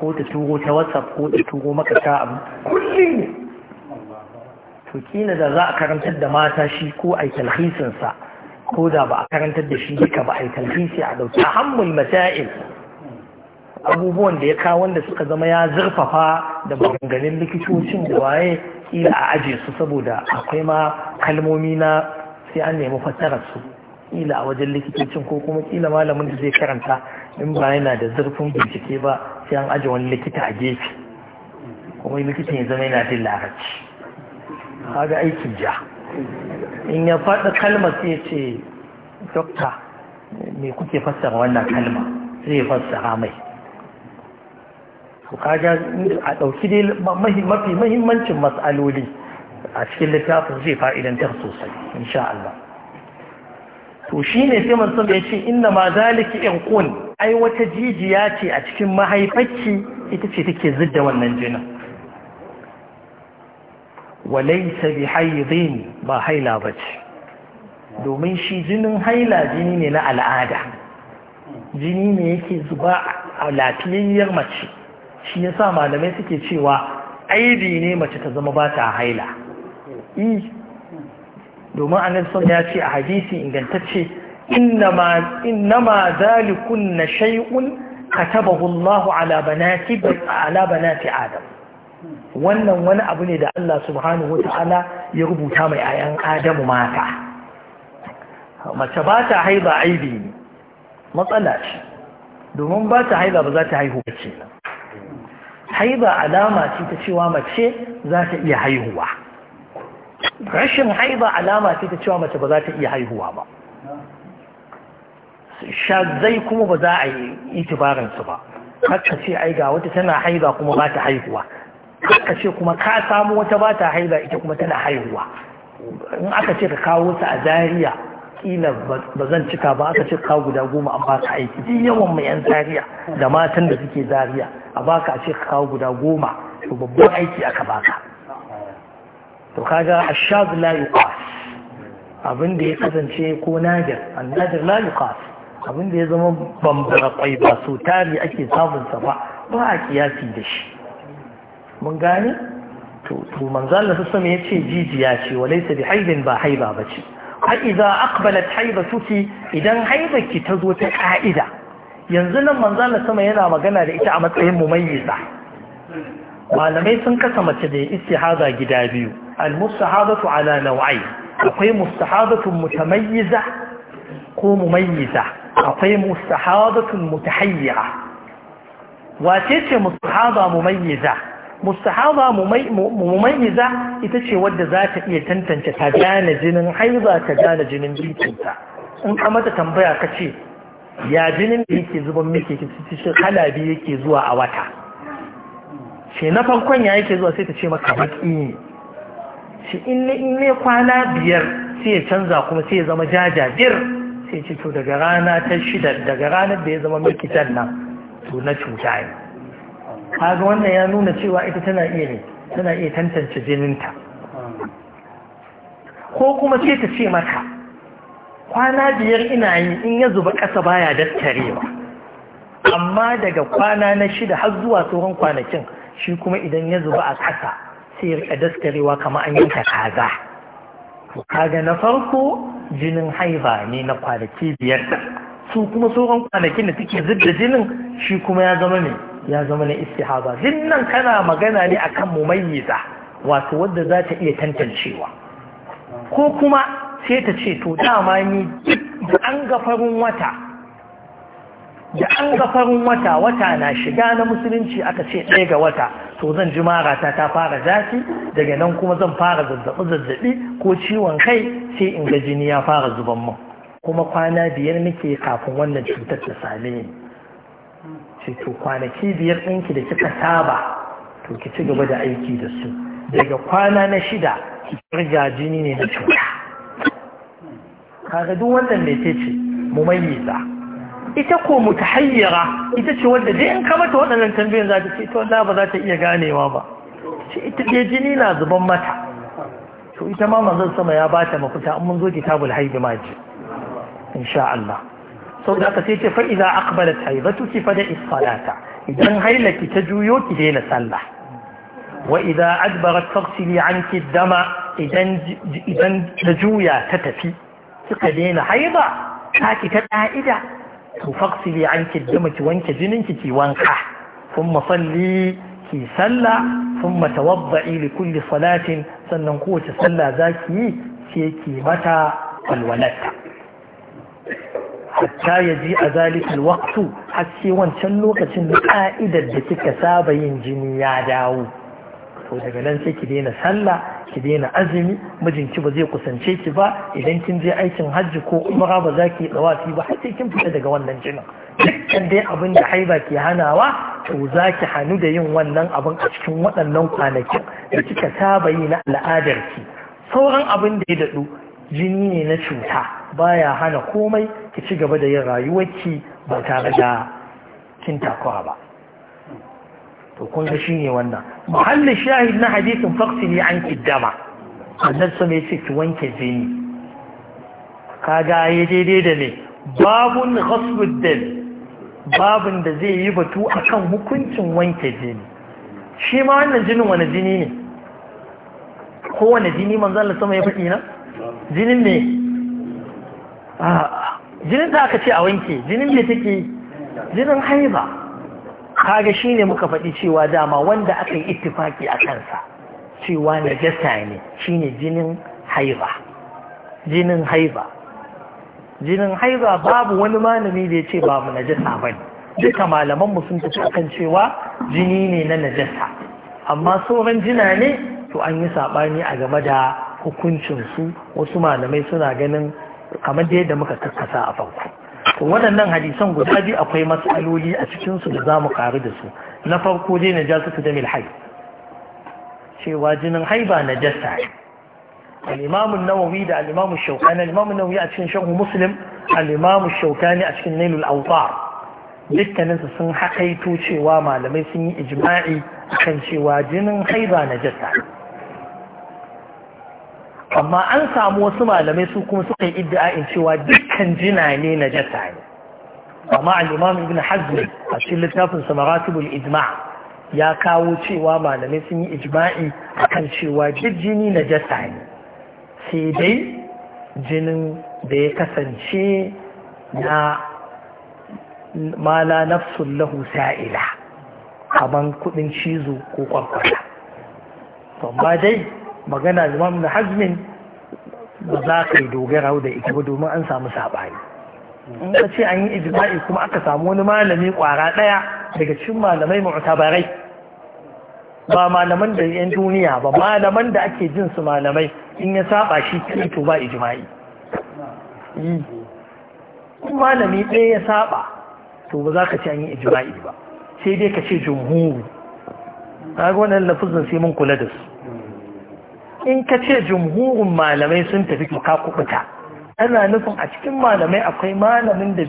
ko ta turo ta whatsapp ko ta turo maka ta abu kullum ne to kila da za a karantar da mata shi ko a talhisin sa ko da ba a karantar da shi duka ba a talhisi a dauki ahammul masail abubuwan da ya kawo wanda suka zama ya zurfafa da maganganun likitocin da waye kila a aje su saboda akwai ma kalmomi na sai an nemi fassarar su kila a wajen likitocin ko kuma kila malamin da zai karanta in ba yana da zurfin bincike ba sai an aje wani likita a gefe kuma likitan ya zama yana jin larabci kaga aikin ja in ya faɗi kalma sai ya ce dokta me kuke fassara wannan kalma sai ya fassara mai to kaga a ɗauki dai mafi mahimmancin matsaloli a cikin littafin zai fa'idantar sosai insha Allah to shi ne sai manzon ya ce inna ma zaliki irqun ai wata jijiya ce a cikin mahaifarki ita ce take zidda wannan jinin haizi ne ba haila bace domin shi jinin haila jini ne na al'ada jini ne yake zuba a lafiyayyar mace shi yasa malamai suke cewa aibi ne mace ta zama ba ta haila yi e, domin annabi ya ce a hadisi ingantacce innama zalikun na shay'un katabahu Allahu ala banati ala banati adam wannan wani abu ne da Allah subhanahu wata'ala ya rubuta mai ayan adamu mata mace ba ta haiba aibi ne matsala ce domin ba ta haiba ba za ta haihu bace haiba alama ce ta cewa mace za ta iya haihuwa rashin haiba alama ce ta cewa mace ba za ta iya haihuwa ba shazai kuma ba za a yi itibaransu ba kakka ce ai ga wata tana haiba kuma ba ta haihuwa kakka ce kuma ka samu wata ba ta haiba ita kuma tana haihuwa in aka ce ka kawo ta a zariya kila ba zan cika ba aka ce ka guda goma an ka aiki duk yawan mai yan zariya da matan da suke zariya a baka a ce ka kawo guda goma to babban aiki aka baka to kaga ashab la yuqas abin da ya kasance ko nadir nadir la yuqas abin da ya zama bambara kwai ba so tari ake samun sa ba ba a kiyasi da shi mun gane to to manzo Allah sallallahu ya ce jijiya ce walaysa bi haibin ba haiba bace har idza aqbalat haibatuki idan haibaki ta zo ta ka'ida yanzu nan manzo Allah sama yana magana da ita a matsayin mumayyiza malamai sun kasa mace da istihaza gida biyu المستحاضة على نوعين أقوي مستحاضة متميزة ko mumayyiza akwai mustahadatun mutahayyira wace ce mustahada mumayyiza mustahada mumayyiza ita ce wadda za ta iya tantance ta gane jinin haiza ta gane jinin bikinta in ka mata tambaya ka ce ya jinin da yake zuban miki ki ci kala biyu yake zuwa a wata She na farkon ya yake zuwa sai ta ce maka baki ne shi in ne in ne kwana biyar sai ya canza kuma sai ya zama jajajir sai ce to daga rana ta shida daga ranar da ya zama milkitan nan to na cuta ne kaga wannan ya nuna cewa ita tana iya ne tana iya tantance jininta ko kuma sai ta ce mata kwana biyar ina yi in ya zuba ƙasa baya dattarewa amma daga kwana na shida har zuwa tsohon kwanakin shi kuma idan ya zuba a ƙasa sai ya rika daskarewa kamar an yanka kaza kaga na farko jinin haifa ne na kwanaki biyar da su kuma sauran kwanakin da suke zubda jinin shi kuma ya zama ne ya zama na istihaba nan kana magana ne akan mumayyiza wato wadda za ta iya tantancewa ko kuma sai ta ce to dama ni da an ga farin wata da an ga farin wata wata na shiga na musulunci aka ce ɗaya ga wata to zan ji marata ta fara zafi daga nan kuma zan fara zazzaɓi zazzaɓi ko ciwon kai sai in ga jini ya fara zuban mun kuma kwana biyar nake kafin wannan cutar ta same ni ce to kwanaki biyar ɗinki da kika saba to ki ci gaba da aiki da su daga kwana na shida ki jini ne na cuta kaga duk wannan mai ce mayyiza ita ko mutahayyara ita ce wadda dai in ka mata waɗannan tambayan za ta ce ita wallahi ba za ta iya ganewa ba ce ita dai jini na zuban mata to ita ma manzon sama ya ba ta mafita an mun zo kitabul haidi ma ji insha Allah sau da sai ce fa idza aqbalat haibatuki fa da'i salata idan ki ta juyo ki daina sallah wa idza adbarat faghsili anki dama idan idan ta juya ta tafi kika daina haiba ta ki ta ka'ida to faksili an ki dama ki wanke jinin ki ki wanka sun masalli ki salla sun matawabba'i li kulli salatin sannan kowace salla za ki yi sai ki mata alwalatta hatta ya ji a zalikal waktu haske wancan lokacin da ka'idar da kika saba yin jini ya dawo to daga nan sai ki daina sallah ki daina azumi mijinki ba zai kusance ki ba idan kin je aikin hajji ko umra ba za ki dawafi ba har sai kin fita daga wannan jinin dukkan dai abin da haiba ke hanawa to za ki hannu da yin wannan abin a cikin waɗannan kwanakin da kika saba yi na al'adar ki. sauran abin da ya daɗu jini ne na cuta baya hana komai ki ci gaba da yin rayuwarki ba tare da kin takura ba to kun ga ne wannan muhallin shahid na hadisin ne an kiddama annan su mai ce ki wanke zini kaga ya daidai da ne babun ghasbud dal babun da zai yi batu akan hukuncin wanke zini shi ma wannan jinin wani jini ne kowane jini manzo Allah sama ya faɗi na jinin ne jinin da aka ce a wanke jinin me take jinin haiba kaga shi ne muka faɗi cewa dama wanda aka yi ittifaki a kansa cewa na jasa ne shi ne jinin haiba jinin haiba jinin haiba babu wani malami da ya ce babu najasa ba ne duka malaman mu sun tafi akan cewa jini ne na najasa amma sauran jina ne to an yi saɓani a game da hukuncinsu wasu malamai suna ganin kamar da yadda muka kakkasa a farko waɗannan hadisan guda biyu akwai matsaloli a cikinsu da za mu ƙaru da su na farko dai na ja su da milhai cewa jinin haiba na jasa الإمام النووي ده الإمام الشوكاني a cikin أتشين شرح مسلم الإمام الشوكاني أتشين نيل الأوطار dukkanin su sun haƙaito cewa malamai sun yi ijma'i kan cewa jinin haiba na jasa amma an samu wasu malamai su kuma suka yi iddia'in cewa dukkan jina ne na jasa ne amma al'imam ibn hazmi a cikin littafin samaratibul ijma ya kawo cewa malamai sun yi ijma'i kan cewa duk jini na jasa ne sai dai jinin da ya kasance na mala nafsun lahu sa'ila kaman kudin cizo ko kwakwata. Amma dai magana imam na hajmin ba za ka yi dogara da ita ba domin an samu saɓani in ka ce an yi ijma'i kuma aka samu wani malami kwara ɗaya daga cikin malamai mu'tabarai ba malaman da yan duniya ba malaman da ake jin su malamai in ya saba shi to ba ijma'i hmm. in malami ɗaya ya saba to ba za ka ce an yi ijma'i ba sai dai ka ce jumhuru ga wannan lafazin sai mun kula da su in ka ce jumhurin malamai sun tafi ka kubuta ana nufin a cikin malamai akwai malamin da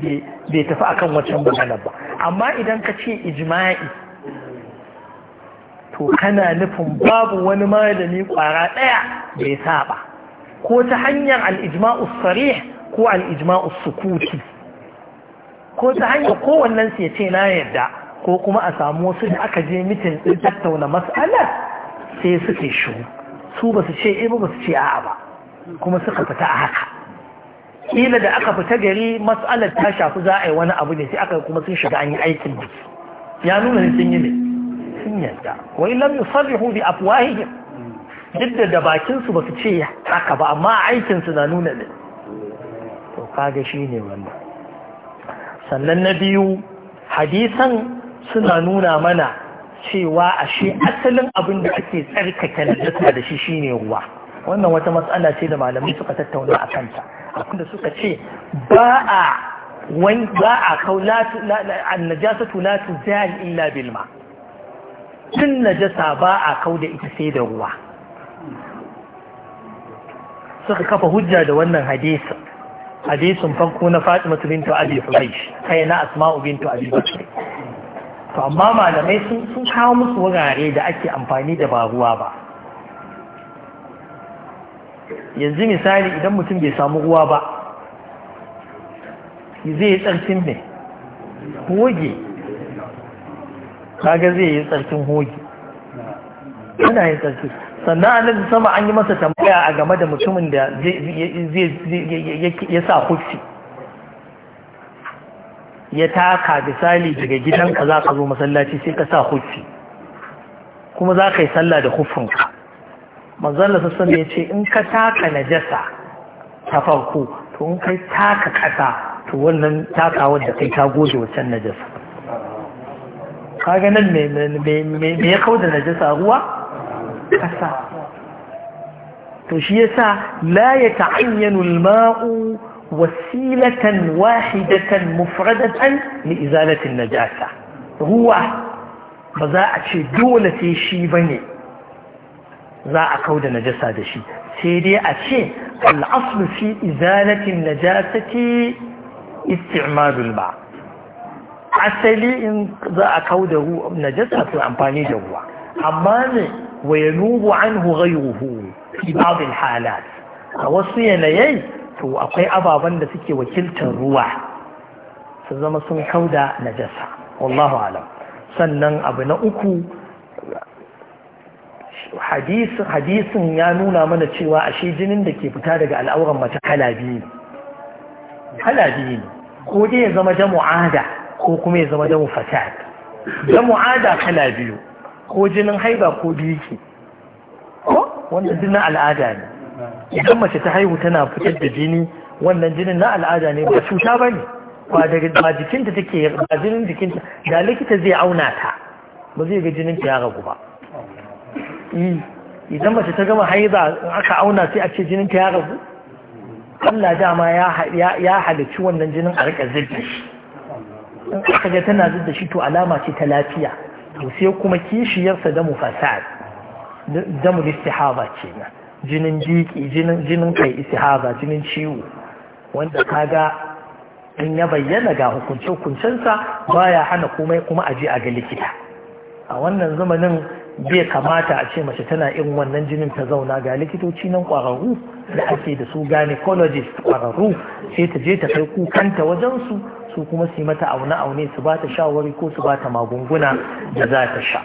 bai tafi akan wancan magana ba amma idan ka ce ijma'i to kana nufin babu wani malami kwara ɗaya bai saba ko ta hanyar al'ijma'us sarih ko ijma'u sukuti ko ta hanyar kowannen su ya ce na yadda ko kuma a samu wasu da aka je mitin tattauna mas'alar sai suke shiru. su ba su ce e ba su ce a'a ba kuma suka fita a haka Ƙila da aka fita gari matsalar ta shafi za a yi wani abu ne sai aka kuma sun shiga an yi aikin da su ya nuna ne sun yi ne sun yadda wai ilam yusarrihu bi afwahihim duk da da bakin su ba su ce haka ba amma aikin su na nuna ne to kaga ne wannan sannan na biyu hadisan suna nuna mana cewa ashe asalin abin da ake tsarkake najasa da shi shine ruwa wannan wata matsala ce da malamai suka tattauna a kanta da suka ce ba a wani ba a kau najasatu latu tuzahi illa bilma tun najasa ba a kau da ita sai da ruwa suka kafa hujja da wannan hadisin hadisin farko na Fatima bintu Abi Hubaysh kai na Asma'u bintu Abi to amma malamai sun kawo musu wurare da ake amfani da ba ruwa ba yanzu misali idan mutum bai samu ruwa ba zai yi tsarkin ne hoge kaga zai yi tsarkin hoge yana yin tsarki sannan annabi sama an yi masa tambaya a game da mutumin da ya sa hufi ya taka misali daga gidanka za ka zo masallaci sai ka sa hufi kuma za ka yi sallah da hufinka manzan da ya ce in ka taka najasa ta farko to in kai taka kasa to wannan takawar da kai ta goge wacan najasa kaga nan me ya kawo da najasa ruwa kasa to shi yasa la ya ta'ayyanu al-ma'u وسيلة واحدة مفردة لإزالة النجاسة هو بزاعة دولة شي بني زاعة كودة نجاسة دشي سيدي أشي الأصل في إزالة النجاسة استعمال الماء أسلي إن زاعة كودة نجاسة في أمباني جوا أمان وينوب عنه غيره في بعض الحالات وصينا يجب to akwai ababen da suke wakiltar ruwa su zama sun kauda da najasa wallahu alam sannan abu na uku hadisin ya nuna mana cewa ashe jinin da ke fita daga al'auran mace kala biyu kala biyu ko dai ya zama ada ko kuma ya zama jamu fasad jamu'ada kala biyu ko jinin haiba ko biki ko wanda jinin al'ada ne idan mace ta haihu tana fitar da jini wannan jinin na al'ada ne ba cuta ba ne ba jikinta take ba jinin jikinta da likita zai auna ta ba zai ga jinin ta ya ragu ba eh, idan mace ta gama haiza in aka auna sai a ce jinin ta ya ragu Allah dama ya halicci wannan jinin a rika zidda shi in aka ga tana zidda shi to alama ce ta lafiya to sai kuma kishiyarsa da mu fasad da mu istihaba kenan jinin jiki jinin kai Haza jinin ciwo wanda kaga in ya bayyana ga hukunce hukuncensa ya hana komai kuma a a ga likita a wannan zamanin bai kamata a ce mace tana irin wannan jinin ta zauna ga likitoci nan kwararru da ake da su gynecologist kwararru sai ta je ta kai kukanta wajen su su kuma su mata aune-aune su ba ta shawari ko su ba ta magunguna da za ta sha.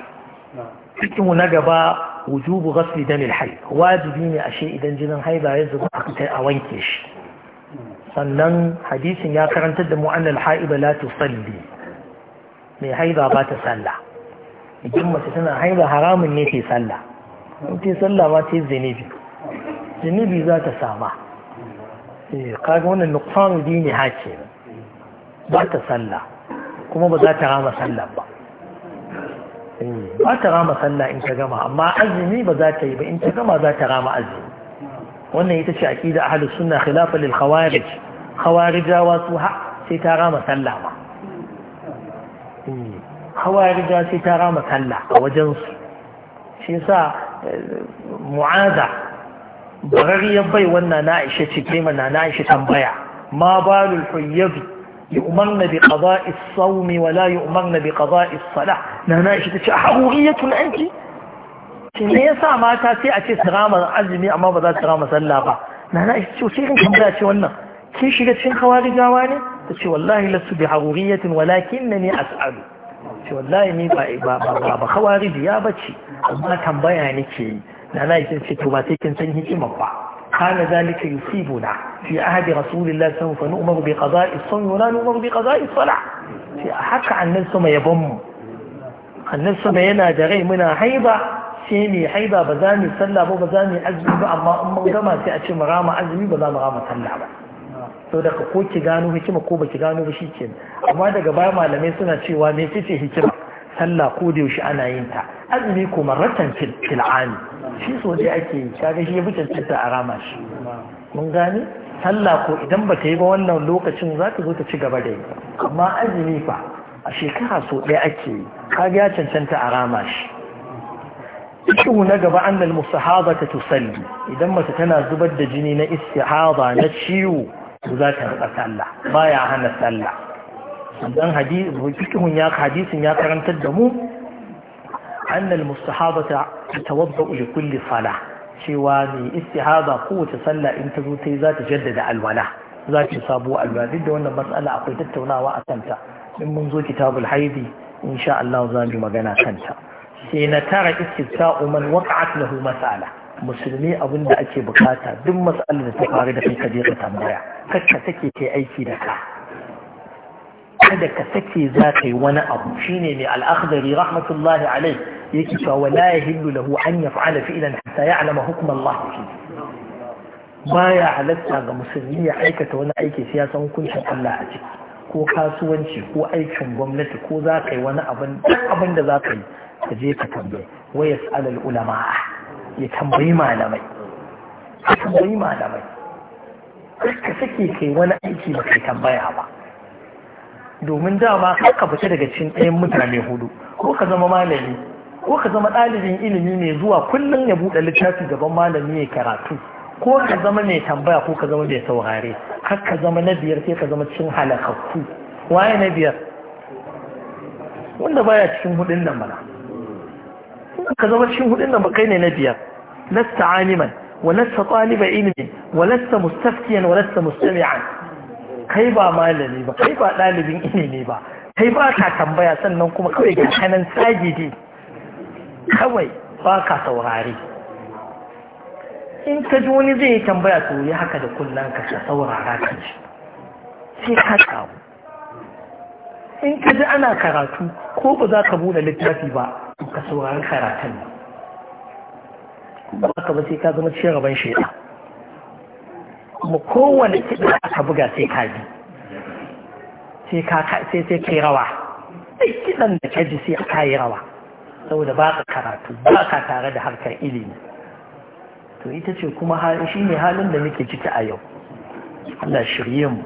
Cikinmu na gaba wujubu ghasli damil hayy wajibi ne ashe idan jinin haiba ya zuba aka kai a wanke shi sannan hadisin ya karantar da mu annal haiba la tusalli mai haiba ba ta sallah idan mace tana haiba haramun ne ta sallah in ta sallah ma ta zinibi zinibi za ta sama kaga wannan nuqsanu dini ha ce ba ta sallah kuma ba za ta rama sallah ba ba ta rama sallah in ta gama amma azumi ba za ta yi ba in ta gama za ta rama azumi wannan ita ce aqida ahlus sunna khilafa lil khawarij khawarijawa su ha sai ta rama sallah ba khawarija sai ta rama sallah a wajen su shi yasa eh, mu'aza ya bai wannan na aisha ce ke mana na aisha tambaya ma balul huyyabi يؤمرن بقضاء الصوم ولا يؤمرن بقضاء الصلاة نانا إيش تشاء حرورية أنت me yasa mata sai a ce su rama azumi amma ba za su rama sallah ba na na ce sai ce wannan kin shiga cikin hawari gawa ne ta ce wallahi lasu bi haruriyatin walakinnani as'alu ce wallahi ni ba ba ba ba hawari bace amma tambaya nake yi na ce to ba sai kin san hikimar ba كان ذلك يصيبنا في عهد رسول الله صلى الله عليه وسلم فنؤمر بقضاء الصوم ولا نؤمر بقضاء الصلاة في حق عن نفسه ما يبم عن نفسه ما ينا دغي منا حيضة سيني حيضة بزاني صلى بو بزاني أزمي بقى أما أم جمع سيأتي مرامة أزمي بلا مرامة صلى sau daga ko ki gano hikima ko baki gano ba shikenan amma daga baya malamai suna cewa me ce hikima sallah ko da yaushe ana yin ta azumi ko marratan fil'ani shi dai ake yi kaga shi ya fi cancanta a rama shi mun gane sallah ko idan ba ta yi ba wannan lokacin za ta zo ta ci gaba da yi amma azumi fa a shekara so ɗaya ake yi kaga ya cancanta a rama shi cikin na gaba an musu musahaba ta tusalli idan mace tana zubar da jini na istihaba na ciwo za ta rika sallah baya hana sallah dan hadisi hadisin ya karantar da mu أن المستحاضة تتوضأ لكل صلاة cewa mai istihaba kowace sallah in ta zo ta yi zata jaddada alwala za ki sabo alwala da wannan matsala akwai tattaunawa a kanta in mun zo kitabul haidi insha Allah za mu magana kanta sai na tara istita'u man waqa'at lahu mas'ala musulmi abin da ake bukata duk mas'alar da ta faru da kai ka je ka tambaya Karka take kai aiki da ka kada ka sake za ka yi wani abu shine mai al'akhdari rahmatullahi alai yake cewa wala ya yahillu lahu an ya yaf'ala fi'lan hatta ya'lama hukm Allah Ba ya halatta ga musulmi ya aikata wani aiki sai ya san hukuncin Allah a ciki ko kasuwanci ko aikin gwamnati ko za ka yi wani abin abin da za ka yi ka je ka tambaye wa yas'alul ulama ya tambayi malamai ka tambayi malamai ka sake kai wani aiki ba kai tambaya ba domin dama ka fita daga cikin ɗayan mutane hudu ko ka zama malami ko ka zama ɗalibin ilimi mai zuwa kullum ya buɗe littafi gaban malami ya karatu ko ka zama mai tambaya ko ka zama mai saurare kar ka zama na biyar sai ka zama cikin halakakku waye na biyar wanda baya cikin hudun nan mana ka zama cikin hudun nan kai ne na biyar lasta aliman wa lasta taliba ilmi wa lasta mustafkiyan wa lasta mustami'an kai ba malami ba kai ba ɗalibin ilimi ba kai ba ka tambaya sannan kuma kawai ga kanan sagidi kawai ba ka saurare in ka ji wani zai tambaya to yi haka da kullum ka ka saurara ka ji sai ka kawo in ka ji ana karatu ko ba za ka buɗe littafi ba ka saurari karatun ba ka ba sai ka zama cin rabon shaida kuma kowane kiɗa aka buga sai ka bi sai ka sai sai kai rawa duk kiɗan da ka ji sai ka yi rawa saboda ba ka karatu ba ka tare da harkar ilimi to ita ce kuma shi ne halin da muke ciki a yau Allah shirye mu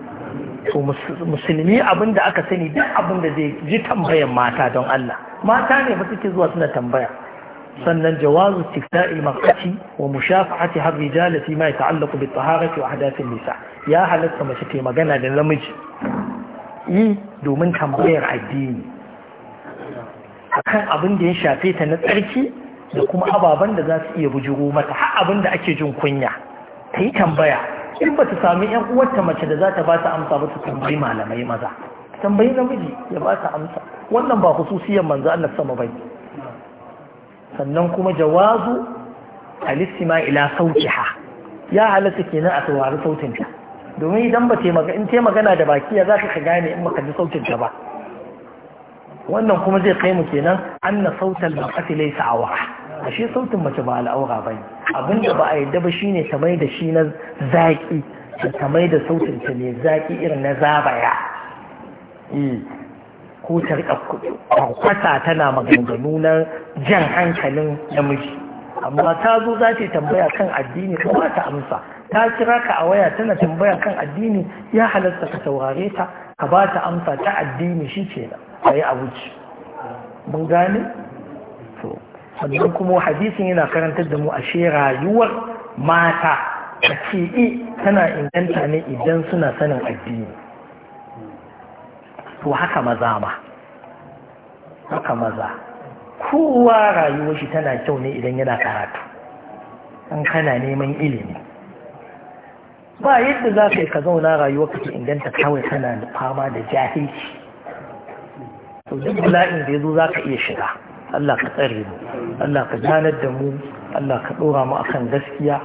to musulmi abin da aka sani duk abin da zai ji tambayan mata don Allah mata ne ba suke zuwa suna tambaya sannan jawazu istifta'il mar'ati wa mushafa'ati har rijal fi ma bi taharati wa ahdathil nisa ya halatta mace ta magana da namiji yi domin tambayar addini akan abin da ya shafe ta na tsarki da kuma ababan da za su iya bujiro mata har abin da ake jin kunya ta yi tambaya in ba ta sami yan uwarta mace da za ta ba ta amsa ba ta tambayi malamai maza tambayi namiji ya ba ta amsa wannan ba hususiyar manzo Allah sama ba. sannan kuma jawazu alistima ila sautiha ya halatta kenan a saurari sautinta domin idan ba in ta magana da bakiya ya za ka gane in maka ji sautinta ba wannan kuma zai kai mu kenan anna sautal mar'ati laysa awra ashe sautin mace ba al'aura bane abinda ba a yadda ba shine ta mai da shi na zaki ta mai da sautin ta ne zaki irin na zabaya eh. ko ta riƙa kwakwata tana maganganu na jan hankalin namiji amma ta zo za ta tambaya kan addini ko ta amsa ta kira ka a waya tana tambaya kan addini ya halarta ka saurare ta ka ba ta amsa ta addini shi ke nan a yi abuci mun gane? to sannan kuma hadisin yana karantar da mu a ashe rayuwar mata a ce eh, tana inganta ne idan suna sanin addini to haka maza ma haka maza kowa rayuwar shi tana kyau ne idan yana karatu in kana neman ilimi ba yadda za ka yi ka zauna rayuwar ka inganta kawai kana fama da jahilci to duk bala'in da ya zo za ka iya shiga Allah ka tsare mu Allah ka janar da mu Allah ka ɗora mu akan gaskiya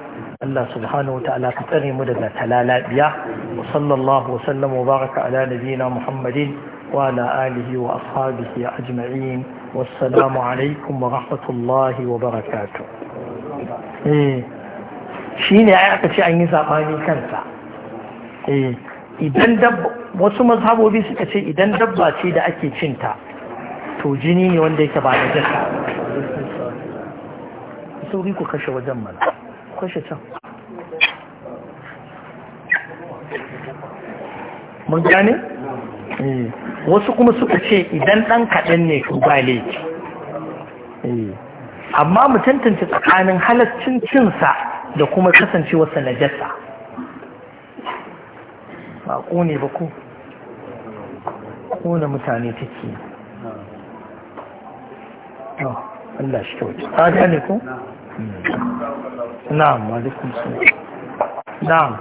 Allah subhanahu wa ta'ala ka tsare mu daga talalabiya wa sallallahu wa sallam wa baraka ala nabiyina Muhammadin wa ala alihi wa ashabihi ajma'in wassalamu alaikum wa rahmatullahi wa barakatuh eh ne ai aka ce an yi sabani kansa eh idan dabba wasu mazhabobi suka ce idan dabba ce da ake cinta to jini ne wanda yake ba da jaka sauri ku kashe wajen mana kwashe can mun gane? Eh, wasu kuma suka ce idan ɗan kaɗan ne ku ba laifi eh, amma mu tantance tsakanin halaccin cinsa da kuma kasancewarsa na jasa ba ko ne ba ko ƙone mutane take Allah shi kyauta ta gane ku? Hmm. na'am wa alaikum salam